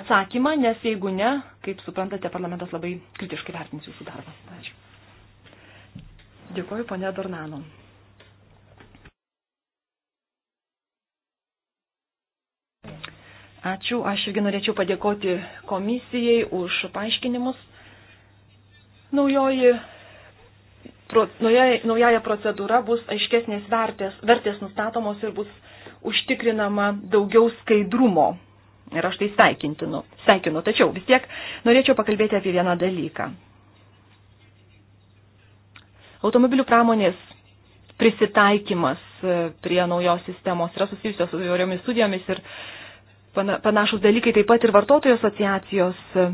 atsakymą, nes jeigu ne, kaip suprantate, parlamentas labai kritiškai vertins jūsų darbą. Ačiū. Dėkuoju, ponia Dornano. Ačiū. Aš irgi norėčiau padėkoti komisijai už paaiškinimus. Naujoji, pro, naujoji, naujaja procedūra bus aiškesnės vertės, vertės nustatomos ir bus užtikrinama daugiau skaidrumo. Ir aš tai sveikintinu. Sveikinu, tačiau vis tiek norėčiau pakalbėti apie vieną dalyką. Automobilių pramonės prisitaikymas e, prie naujos sistemos yra susijusios su įvairiomis studijomis ir uh, panašus dalykai taip pat ir vartotojų asociacijos e,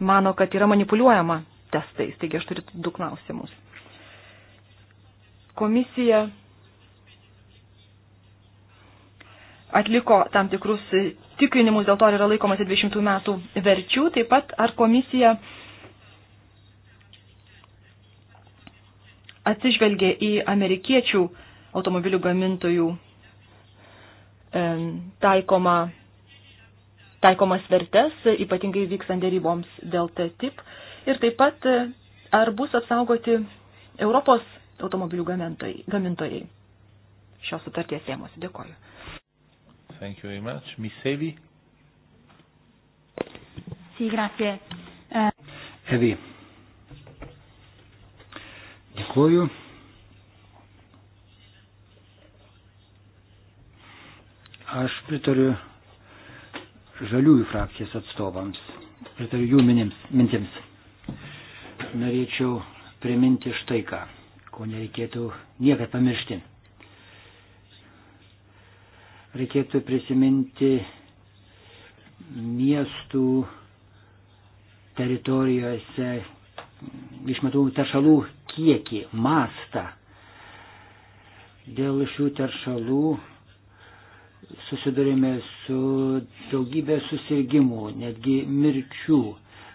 mano, kad yra manipuliuojama testais. Taigi aš turiu du klausimus. Komisija atliko tam tikrus tikrinimus, dėl to yra laikomasi 200 metų verčių. Taip pat ar komisija atsižvelgė į amerikiečių automobilių gamintojų taikoma, taikomas vertes, ypatingai vykstant dėryboms dėl TTIP. Ir taip pat, ar bus apsaugoti Europos automobilių gamintojai šios sutarties ėmosi. Dėkoju. Thank you very much. Miss Evi. Sì, grazie. Evi. Eh, Dėkoju. Aš pritariu žaliųjų frakcijos atstovams, pritariu jų minims, mintims. Norėčiau priminti štai ką, ko nereikėtų niekad pamiršti. Reikėtų prisiminti miestų teritorijose išmetamų teršalų kiekį, mastą. Dėl šių teršalų susidurime su daugybė susirgymų, netgi mirčių.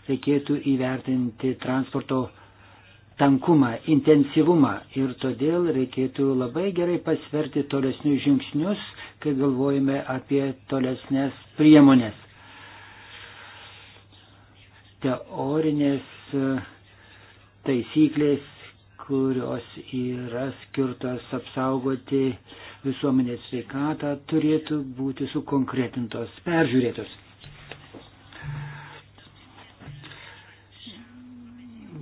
Reikėtų įvertinti transporto tankumą, intensyvumą ir todėl reikėtų labai gerai pasverti tolesnius žingsnius, kai galvojame apie tolesnės priemonės. Teorinės e, taisyklės, kurios yra skirtos apsaugoti uh, visuomenės sveikatą turėtų būti sukonkretintos, peržiūrėtos.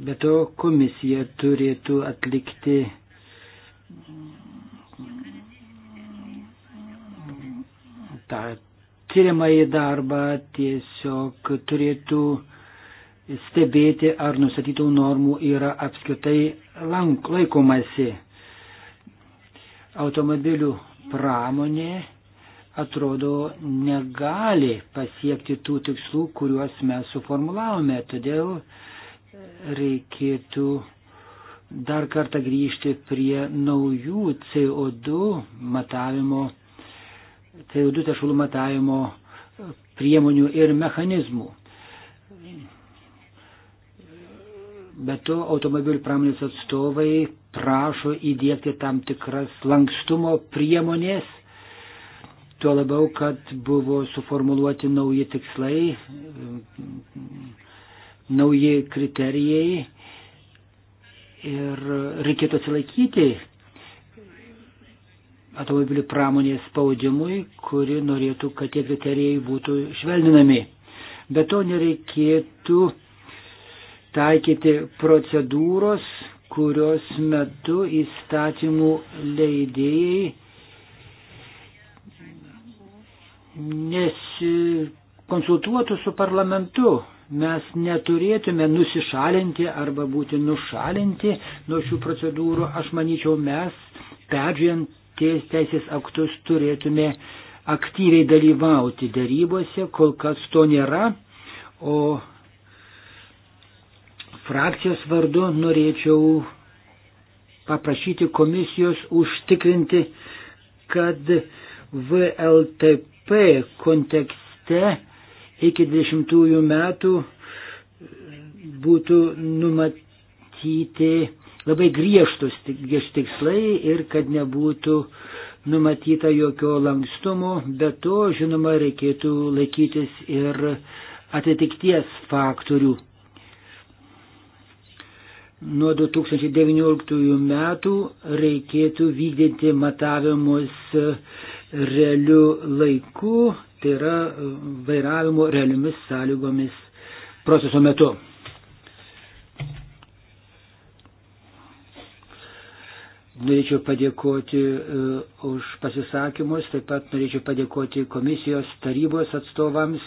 Be to komisija turėtų atlikti tą tyrimąjį darbą, tiesiog turėtų stebėti, ar nustatytų normų yra apskritai lank, laikomasi automobilių pramonė atrodo negali pasiekti tų tikslų, kuriuos mes suformulavome. Todėl reikėtų dar kartą grįžti prie naujų CO2 matavimo, CO2 tešulų matavimo priemonių ir mechanizmų. Be to, automobilių pramonės atstovai prašo įdėkti tam tikras lankstumo priemonės, tuo labiau, kad buvo suformuluoti nauji tikslai, nauji kriterijai ir reikėtų atsilaikyti automobilių pramonės spaudimui, kuri norėtų, kad tie kriterijai būtų švelninami. Be to nereikėtų taikyti procedūros, kurios metu įstatymų leidėjai nesikonsultuotų su parlamentu. Mes neturėtume nusišalinti arba būti nušalinti nuo šių procedūrų. Aš manyčiau, mes peržiūrint teisės aktus turėtume aktyviai dalyvauti darybose, kol kas to nėra, o frakcijos vardu norėčiau paprašyti komisijos užtikrinti, kad VLTP kontekste iki 20 metų būtų numatyti labai griežtus tikslai ir kad nebūtų numatyta jokio lankstumo, bet to, žinoma, reikėtų laikytis ir atitikties faktorių nuo 2019 metų reikėtų vykdyti matavimus realiu laiku, tai yra vairavimo realiomis sąlygomis proceso metu. Norėčiau padėkoti uh, už pasisakymus, taip pat norėčiau padėkoti komisijos tarybos atstovams.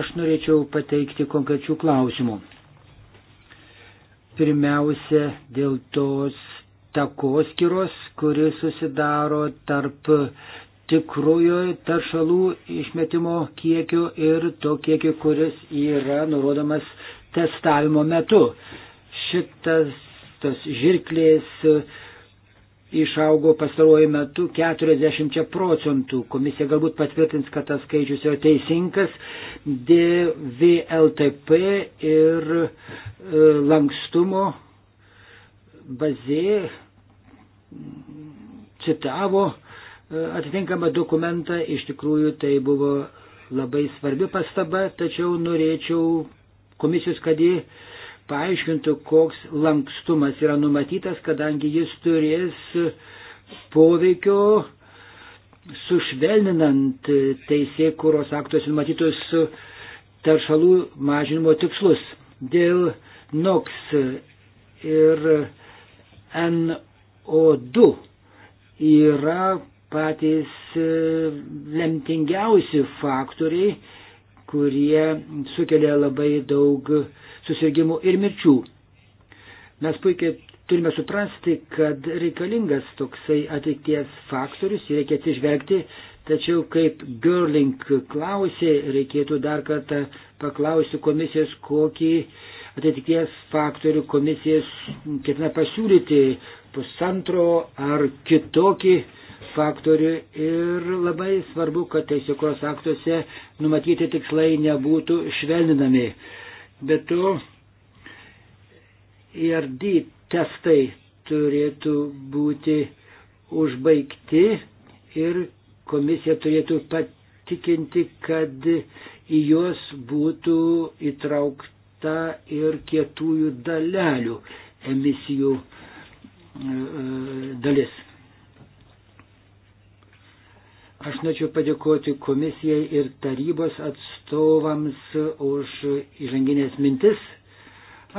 Aš norėčiau pateikti konkrečių klausimų. Pirmiausia, dėl tos takoskiros, kuri susidaro tarp tikrojo taršalų išmetimo kiekio ir to kiekio, kuris yra nurodomas testavimo metu. Šitas tos žirklės uh, išaugo pastaruoju metu 40 procentų. Komisija galbūt patvirtins, kad tas skaičius yra teisingas. DVLTP ir e, lankstumo bazė mm, citavo e, atitinkamą dokumentą. Iš tikrųjų, tai buvo labai svarbi pastaba, tačiau norėčiau komisijos, kad jie paaiškintų, koks lankstumas yra numatytas, kadangi jis turės poveikio sušvelninant teisėkūros aktos numatytus taršalų mažinimo tikslus. Dėl NOX ir NO2 yra patys lemtingiausi faktoriai, kurie sukelia labai daug susirgymų ir mirčių. Mes puikiai turime suprasti, kad reikalingas toksai ateities faktorius, jį reikia atsižvelgti, tačiau kaip Görling klausė, reikėtų dar kartą paklausti komisijos, kokį ateities faktorių komisijas ketina pasiūlyti pusantro ar kitokį faktorių ir labai svarbu, kad teisėkos aktuose numatyti tikslai nebūtų švelninami. Bet to IRD e testai turėtų būti užbaigti ir komisija turėtų patikinti, kad į juos būtų įtraukta ir kietųjų dalelių emisijų e, e, dalis. Aš norėčiau padėkoti komisijai ir tarybos atstovams už įžanginės mintis.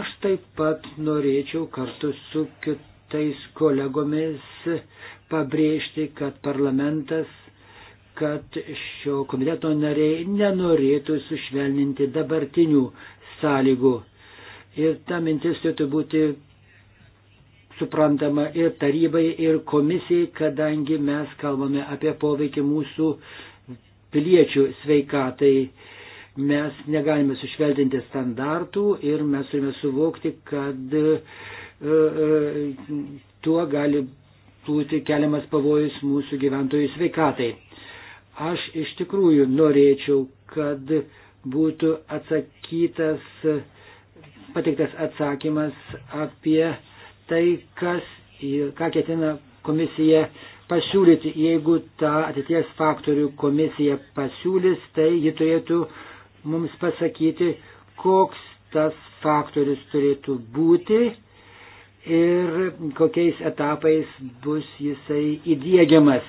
Aš taip pat norėčiau kartu su kitais kolegomis pabrėžti, kad parlamentas, kad šio komiteto nariai nenorėtų sušvelninti dabartinių sąlygų. Ir ta mintis turėtų būti suprantama ir tarybai, ir komisijai, kadangi mes kalbame apie poveikį mūsų piliečių sveikatai. Mes negalime sušveltinti standartų ir mes turime suvokti, kad e, e, tuo gali būti keliamas pavojus mūsų gyventojų sveikatai. Aš iš tikrųjų norėčiau, kad būtų atsakytas, pateiktas atsakymas apie tai, kas, ką ketina komisija pasiūlyti. Jeigu tą ateities faktorių komisija pasiūlys, tai ji turėtų mums pasakyti, koks tas faktorius turėtų būti ir kokiais etapais bus jisai įdėgiamas.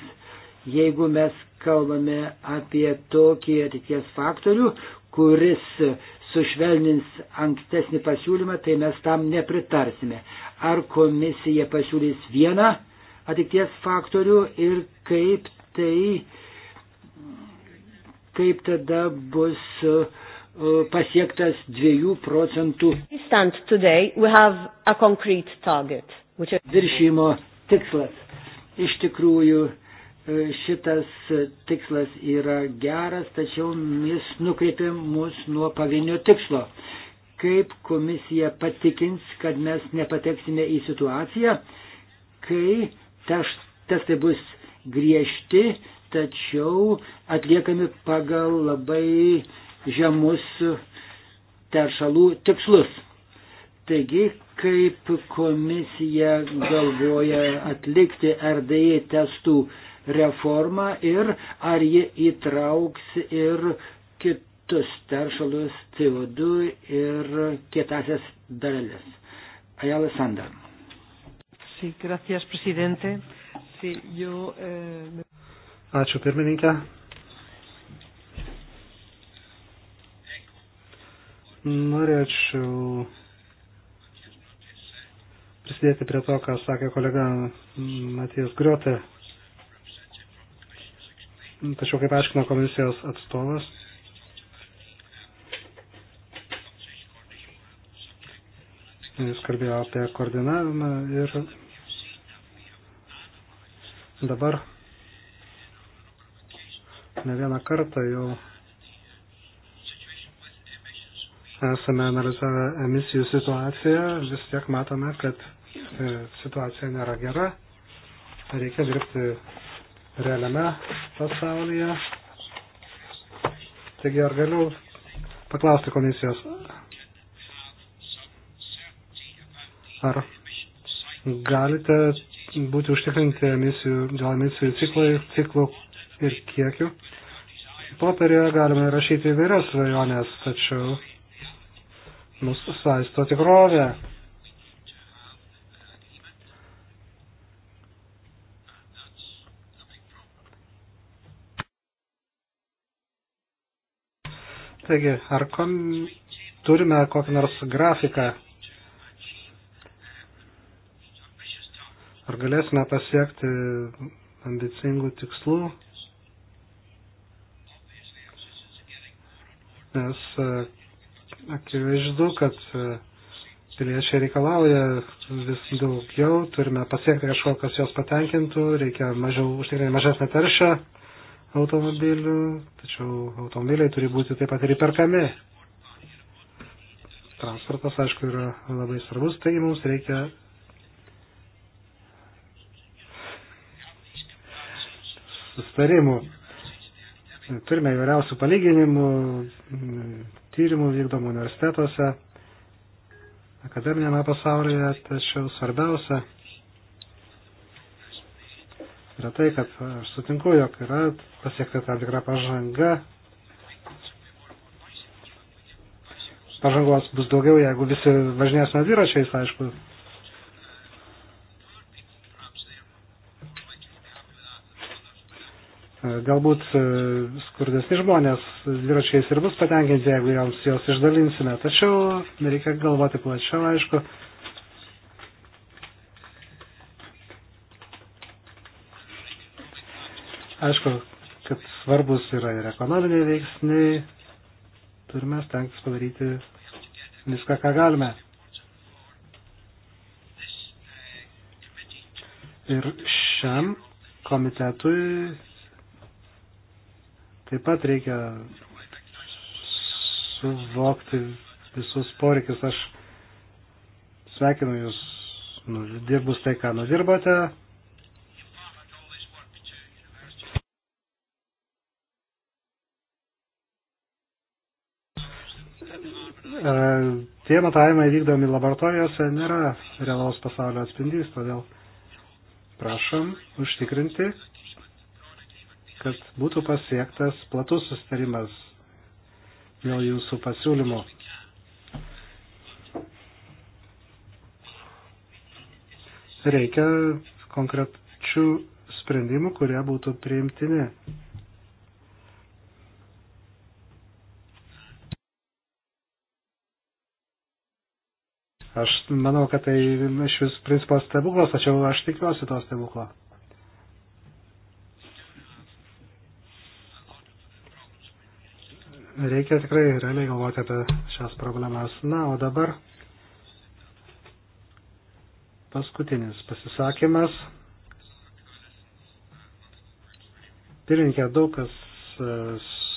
Jeigu mes kalbame apie tokį ateities faktorių, kuris sušvelnins ankstesnį pasiūlymą, tai mes tam nepritarsime. Ar komisija pasiūlys vieną atikties faktorių ir kaip tai, kaip tada bus e, pasiektas 2 procentų viršymo tikslas. Iš tikrųjų, šitas tikslas yra geras, tačiau jis nukreipia mus nuo pavienio tikslo. Kaip komisija patikins, kad mes nepateksime į situaciją, kai testai bus griežti, tačiau atliekami pagal labai žemus teršalų tikslus. Taigi, kaip komisija galvoja atlikti RDE testų reformą ir ar ji įtrauks ir kitus teršalus CO2 ir kietasias daleles. Ayala Sandar. Sí, gracias, presidente. Sí, yo, eh... Ačiū pirmininkė. Norėčiau prisidėti prie to, ką sakė kolega Matijas Griotė. Tačiau, kaip aiškino komisijos atstovas, jis kalbėjo apie koordinavimą ir dabar ne vieną kartą jau esame analizavę emisijų situaciją, vis tiek matome, kad e, situacija nėra gera, reikia dirbti realiame pasaulyje. Taigi ar galiu paklausti komisijos, ar galite būti užtikrinti emisijų, dėl emisijų ciklai, ciklų ir kiekių. Popierioje galime rašyti įvairias svajonės, tačiau mūsų saisto tikrovė Taigi, ar kom, turime kokį nors grafiką? Ar galėsime pasiekti ambicingų tikslų? Nes e, akivaizdu, kad e, piliečiai reikalauja vis daugiau, turime pasiekti kažko, kas juos patenkintų, reikia mažiau užtikrinti mažesnę taršą, automobilių, tačiau automobiliai turi būti taip pat ir įperkami. Transportas, aišku, yra labai svarbus, taigi mums reikia sustarimų. Turime įvairiausių palyginimų, tyrimų vykdomų universitetuose, akademinėme pasaulyje, tačiau svarbiausia – yra tai, kad aš sutinku, jog yra pasiekta tam tikra pažanga. Pažangos bus daugiau, jeigu visi važinėsime dviračiais, aišku. Galbūt e, skurdesni žmonės dviračiais ir bus patenkinti, jeigu joms jos išdalinsime. Tačiau reikia galvoti plačiau, aišku Aišku, kad svarbus yra ir ekonominiai veiksniai, turime stengtis padaryti viską, ką galime. Ir šiam komitetui taip pat reikia suvokti visus poreikius. Aš sveikinu Jūs, nu, dirbus tai, ką nudirbote. Tie matavimai vykdomi laboratorijose nėra realaus pasaulio atspindys, todėl prašom užtikrinti, kad būtų pasiektas platus sustarimas dėl jūsų pasiūlymo. Reikia konkrečių sprendimų, kurie būtų priimtini Aš manau, kad tai iš vis principo stebuklas, tačiau aš tikiuosi to stebuklo. Reikia tikrai realiai galvoti apie šias problemas. Na, o dabar paskutinis pasisakymas. Pirmininkė daug kas e,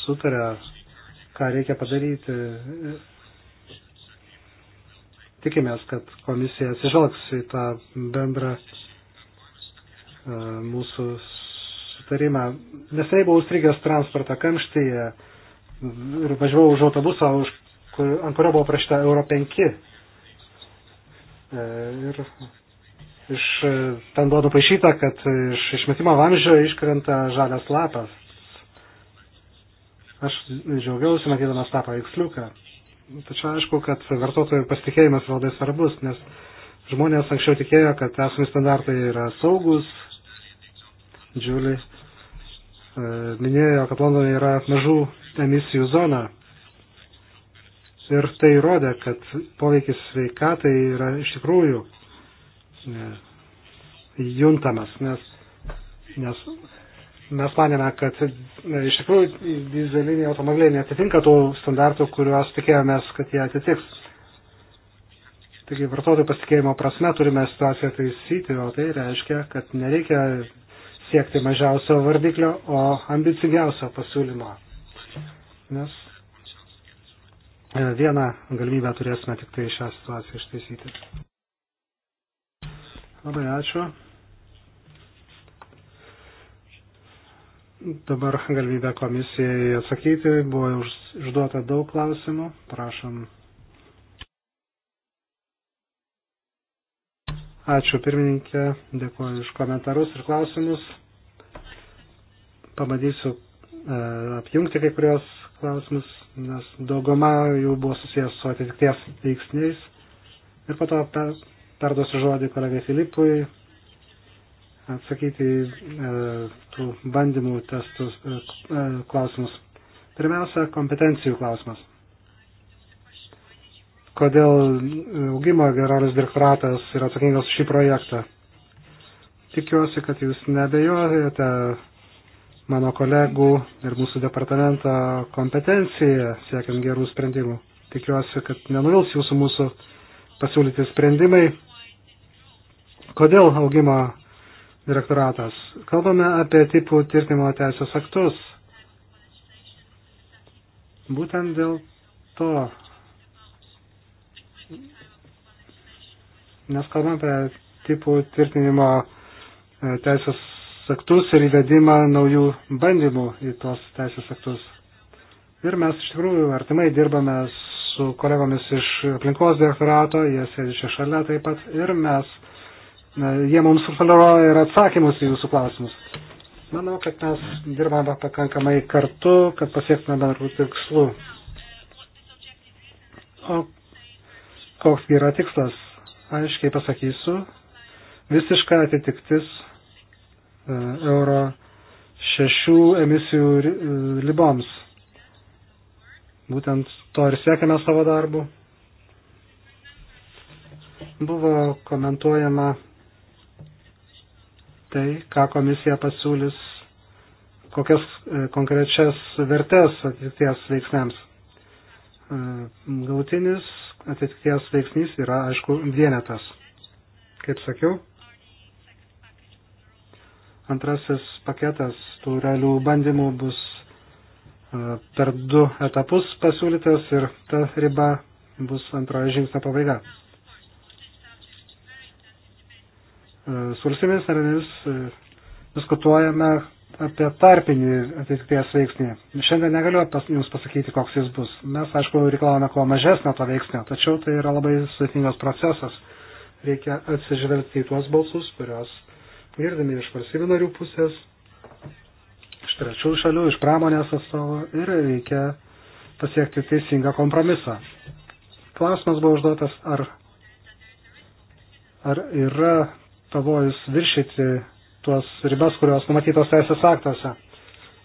sutarė, ką reikia padaryti tikimės, kad komisija atsižvelgs į tą bendrą e, mūsų sutarimą. Neseniai buvau užstrigęs transportą kamštyje ir važiavau už autobusą, už, kur, ant kurio buvo prašyta Euro 5. E, ir iš, ten buvo nupaišyta, kad iš išmetimo vamžio iškrenta žalias lapas. Aš džiaugiausi matydamas tą paveiksliuką. Tačiau aišku, kad vartotojų pasitikėjimas yra labai svarbus, nes žmonės anksčiau tikėjo, kad esami standartai yra saugus. Džiulį e, minėjo, kad Londonai yra mažų emisijų zona. Ir tai įrodė, kad poveikis sveikatai yra iš tikrųjų e, juntamas, nes, nes mes manėme, kad e, iš tikrųjų dizeliniai automobiliai netitinka tų standartų, kuriuos tikėjomės, kad jie atitiks. Taigi vartotojų pasitikėjimo prasme turime situaciją taisyti, o tai reiškia, kad nereikia siekti mažiausio vardiklio, o ambicingiausio pasiūlymo. Nes e, vieną galimybę turėsime tik tai šią situaciją ištaisyti. Labai ačiū. dabar galimybę komisijai atsakyti. Buvo užduota daug klausimų. Prašom. Ačiū pirmininkė, dėkuoju už komentarus ir klausimus. Pamadysiu e, apjungti kai kurios klausimus, nes dauguma jų buvo susijęs su atitikties veiksniais. Ir po to per, perduosiu žodį kolegai Filipui, atsakyti e, tų bandymų testus e, e, klausimus. Pirmiausia, kompetencijų klausimas. Kodėl e, augimo generalinis direktoratas yra atsakingas šį projektą? Tikiuosi, kad jūs nebejojate mano kolegų ir mūsų departamento kompetenciją siekiant gerų sprendimų. Tikiuosi, kad nenuvils jūsų mūsų pasiūlyti sprendimai. Kodėl augimo direktoratas. Kalbame apie tipų tvirtinimo teisės aktus. Būtent dėl to, nes kalbame apie tipų tvirtinimo e, teisės aktus ir įvedimą naujų bandymų į tos teisės aktus. Ir mes iš tikrųjų artimai dirbame su kolegomis iš aplinkos direktorato, jie sėdi čia šalia taip pat ir mes jie mums sutoleruoja ir atsakymus į jūsų klausimus. Manau, kad mes dirbame pakankamai kartu, kad pasiektume bendrų tikslų. O koks yra tikslas? Aiškiai pasakysiu, visiška atitiktis e, euro šešių emisijų liboms. E, Būtent to ir siekiame savo darbu. Buvo komentuojama tai, ką komisija pasiūlys, kokias e, konkrečias vertės atitikties veiksniams. E, Gautinis atitikties veiksnys yra, aišku, vienetas. Kaip sakiau, antrasis paketas tų realių bandymų bus e, per du etapus pasiūlytas ir ta riba bus antrojo žingsnio pabaiga. E, su valstybės narėmis e, diskutuojame apie tarpinį atitikties veiksnį. Šiandien negaliu pas, Jums pasakyti, koks jis bus. Mes, aišku, reikalavome kuo mažesnio to veiksnio, tačiau tai yra labai sudėtingas procesas. Reikia atsižvelgti į tuos balsus, kurios girdime iš valstybių narių pusės, iš trečių šalių, iš pramonės atstovų ir reikia pasiekti teisingą kompromisą. Klausimas buvo užduotas, ar, ar yra pavojus viršyti tuos ribas, kurios numatytos teisės aktuose.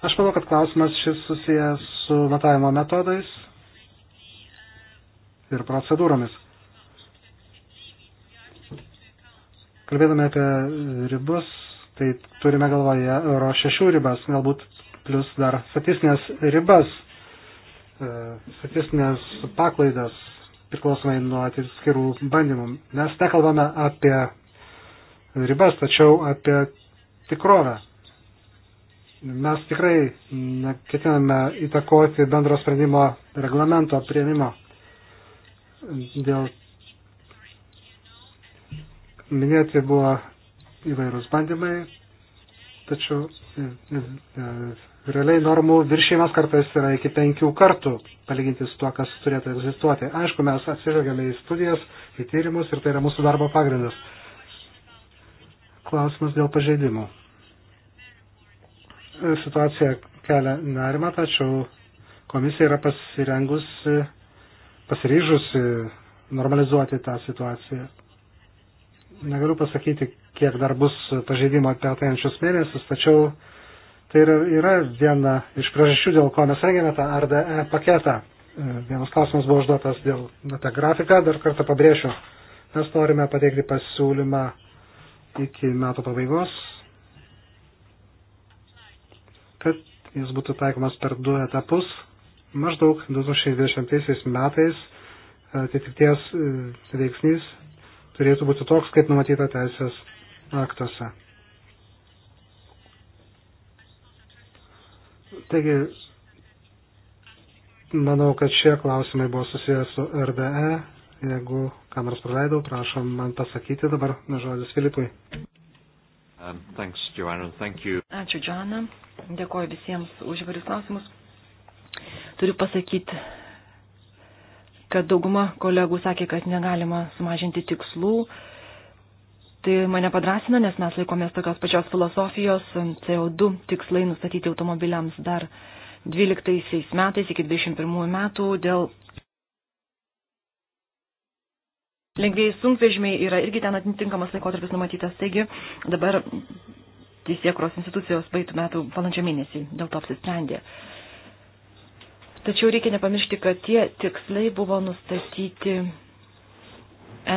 Aš manau, kad klausimas šis susijęs su matavimo metodais ir procedūromis. Kalbėdami apie ribus, tai turime galvoje euro šešių ribas, galbūt plus dar statistinės ribas, e, statistinės paklaidas priklausomai nuo atskirų bandymų. Mes nekalbame apie ribas, tačiau apie tikrovę. Mes tikrai ketiname įtakoti bendro sprendimo reglamento prieimimo dėl minėti buvo įvairūs bandymai, tačiau e, e, e, realiai normų viršėjimas kartais yra iki penkių kartų, palyginti su tuo, kas turėtų egzistuoti. Aišku, mes atsižvelgiame į studijas, į tyrimus ir tai yra mūsų darbo pagrindas klausimas dėl pažeidimų. Situacija kelia nerimą, tačiau komisija yra pasirengusi, pasiryžusi normalizuoti tą situaciją. Negaliu pasakyti, kiek dar bus pažeidimo apie ateinančius mėnesius, tačiau tai yra, yra viena iš priežasčių, dėl ko mes rengėme tą RDE paketą. Vienas klausimas buvo užduotas dėl na, tą grafiką, dar kartą pabrėšiu. Mes norime pateikti pasiūlymą iki metų pabaigos, kad jis būtų taikomas per du etapus. Maždaug 2020 metais e, atitikties e, veiksnys turėtų būti toks, kaip numatyta teisės aktuose. Taigi, manau, kad šie klausimai buvo susijęs su RDE Jeigu kam nors praleidau, prašom man pasakyti dabar žodis Filipui. Um, thanks, Joanna. Thank you. Ačiū, Joanna. Dėkuoju visiems už įvairius klausimus. Turiu pasakyti, kad dauguma kolegų sakė, kad negalima sumažinti tikslų. Tai mane padrasina, nes mes laikomės tokios pačios filosofijos. CO2 tikslai nustatyti automobiliams dar 12 metais iki 21 metų dėl Lengviai sunkvežimiai yra irgi ten atitinkamas laikotarpis numatytas, taigi dabar teisėkros institucijos praeitų metų valandžio mėnesį dėl to apsisprendė. Tačiau reikia nepamiršti, kad tie tikslai buvo nustatyti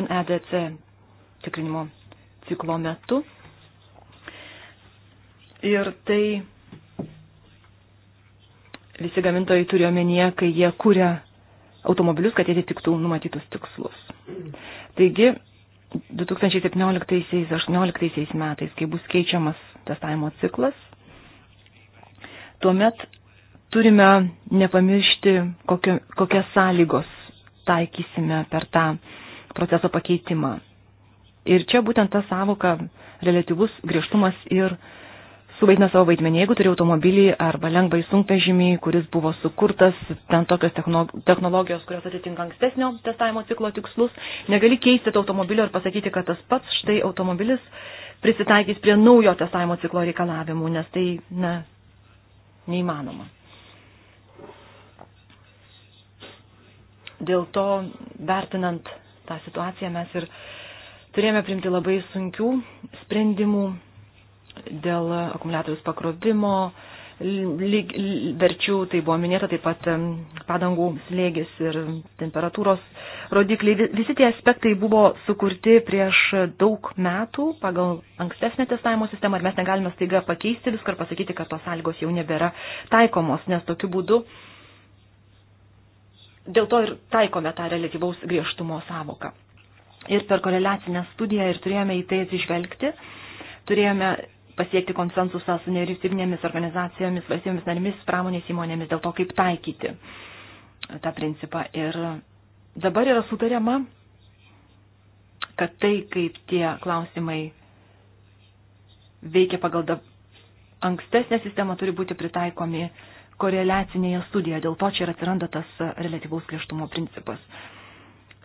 NEDC tikrinimo ciklo metu. Ir tai visi gamintojai turi omenyje, kai jie kūrė automobilius, kad jie atitiktų numatytus tikslus. Taigi, 2017-2018 metais, kai bus keičiamas testavimo ciklas, tuomet turime nepamiršti, kokio, kokias sąlygos taikysime per tą proceso pakeitimą. Ir čia būtent ta savoka relativus griežtumas ir uh, suvaidina savo vaidmenį. Jeigu turi automobilį arba lengvai sunkvežimį, kuris buvo sukurtas, ten tokios technologijos, kurios atitinka ankstesnio testavimo ciklo tikslus, negali keisti to automobilio ir pasakyti, kad tas pats štai automobilis prisitaikys prie naujo testavimo ciklo reikalavimų, nes tai na, neįmanoma. Dėl to, vertinant tą situaciją, mes ir turėjome primti labai sunkių sprendimų dėl akumuliatorius pakrovimo lyg, verčių, tai buvo minėta taip pat padangų slėgis ir temperatūros rodikliai. Visi tie aspektai buvo sukurti prieš daug metų pagal ankstesnę testavimo sistemą ir mes negalime staiga pakeisti viską ir pasakyti, kad tos sąlygos jau nebėra taikomos, nes tokiu būdu dėl to ir taikome tą relatyvaus griežtumo savoką. Ir per koreliacinę studiją ir turėjome į tai atsižvelgti, turėjome pasiekti konsensusą su nevyriausybinėmis organizacijomis, valstybėmis narimis, pramonės įmonėmis dėl to, kaip taikyti tą principą. Ir dabar yra sutariama, kad tai, kaip tie klausimai veikia pagal da... ankstesnę sistemą, turi būti pritaikomi koreliacinėje studijoje. Dėl to čia ir atsiranda tas relativaus griežtumo principas.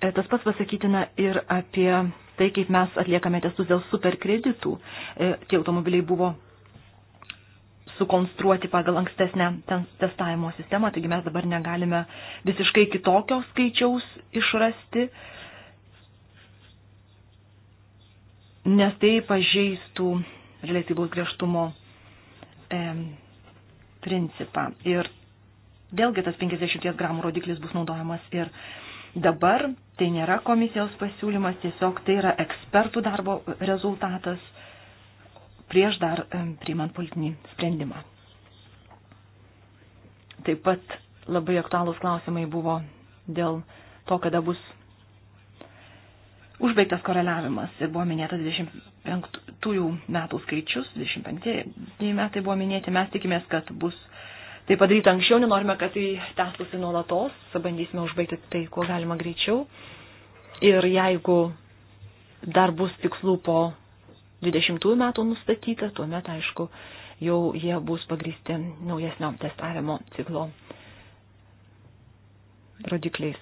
E, tas pats pasakytina ir apie tai, kaip mes atliekame testus dėl superkreditų. E, tie automobiliai buvo sukonstruoti pagal ankstesnę testavimo sistemą, taigi mes dabar negalime visiškai kitokio skaičiaus išrasti, nes tai pažeistų relatyvaus griežtumo e, principą. Ir vėlgi tas 50 gramų rodiklis bus naudojamas ir e, Dabar tai nėra komisijos pasiūlymas, tiesiog tai yra ekspertų darbo rezultatas prieš dar priimant politinį sprendimą. Taip pat labai aktualūs klausimai buvo dėl to, kada bus užbaigtas koreliavimas ir buvo minėtas 25 metų skaičius, 25 metai buvo minėti, mes tikimės, kad bus tai padaryti anksčiau, nenorime, kad tai tęstųsi nuolatos, bandysime užbaigti tai, kuo galima greičiau. Ir jeigu dar bus tikslų po 20 metų nustatyta, tuomet, aišku, jau jie bus pagristi naujesnio testavimo ciklo rodikliais.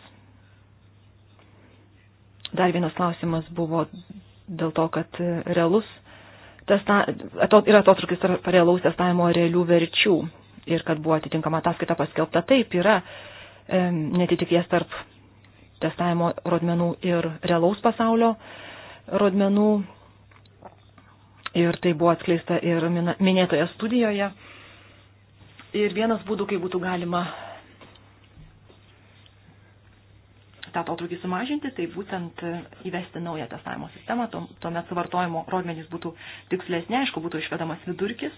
Dar vienas klausimas buvo dėl to, kad realus testa, yra atotrukis tarp realaus testavimo realių verčių ir kad buvo atitinkama ataskaita paskelbta. Taip yra e, netitikties tarp testavimo rodmenų ir realaus pasaulio rodmenų. Ir tai buvo atskleista ir minėtoje studijoje. Ir vienas būdų, kaip būtų galima tą atotrukį sumažinti, tai būtent įvesti naują testavimo sistemą, tuomet suvartojimo rodmenys būtų tikslesnė, aišku, būtų išvedamas vidurkis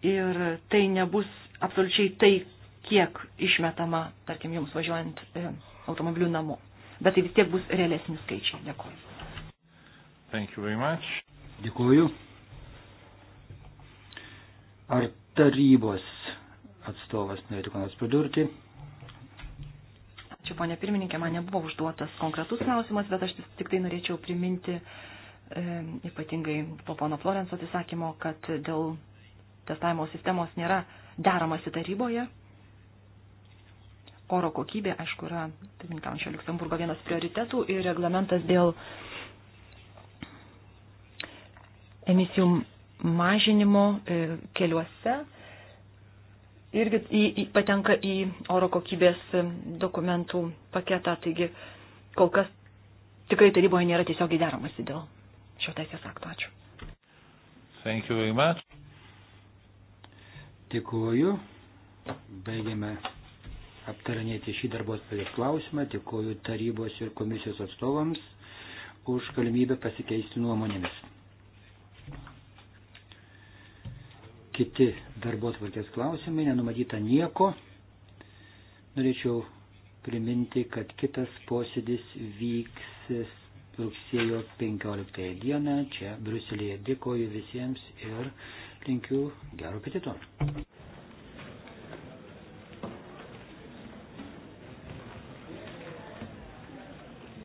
ir tai nebus absoliučiai tai, kiek išmetama, tarkim, jums važiuojant e, automobiliu namo. Bet tai vis tiek bus realesni skaičiai. Dėkuoju. Thank you very much. Dėkuoju. Ar tarybos atstovas norėtų ką nors pridurti? Ačiū, ponė pirmininkė, man nebuvo užduotas konkretus klausimas, bet aš tik tai norėčiau priminti e, ypatingai po pono Florenco atsisakymo, kad dėl testavimo sistemos nėra deramasi taryboje. Oro kokybė, aišku, yra, pirmininkaujančio Luxemburgo vienas prioritetų ir reglamentas dėl emisijų mažinimo e, keliuose irgi į, į, patenka į oro kokybės dokumentų paketą, taigi kol kas tikrai taryboje nėra tiesiogiai deramasi dėl šio teisės akto. Ačiū. Thank you very much. Dėkuoju. Baigiame aptarinėti šį darbos pavės klausimą. Dėkuoju tarybos ir komisijos atstovams už galimybę pasikeisti nuomonėmis. Kiti darbos varkės klausimai, nenumatyta nieko. Norėčiau priminti, kad kitas posėdis vyks rugsėjo 15 dieną čia Bruselėje. Dėkoju visiems ir linkiu gero apetito.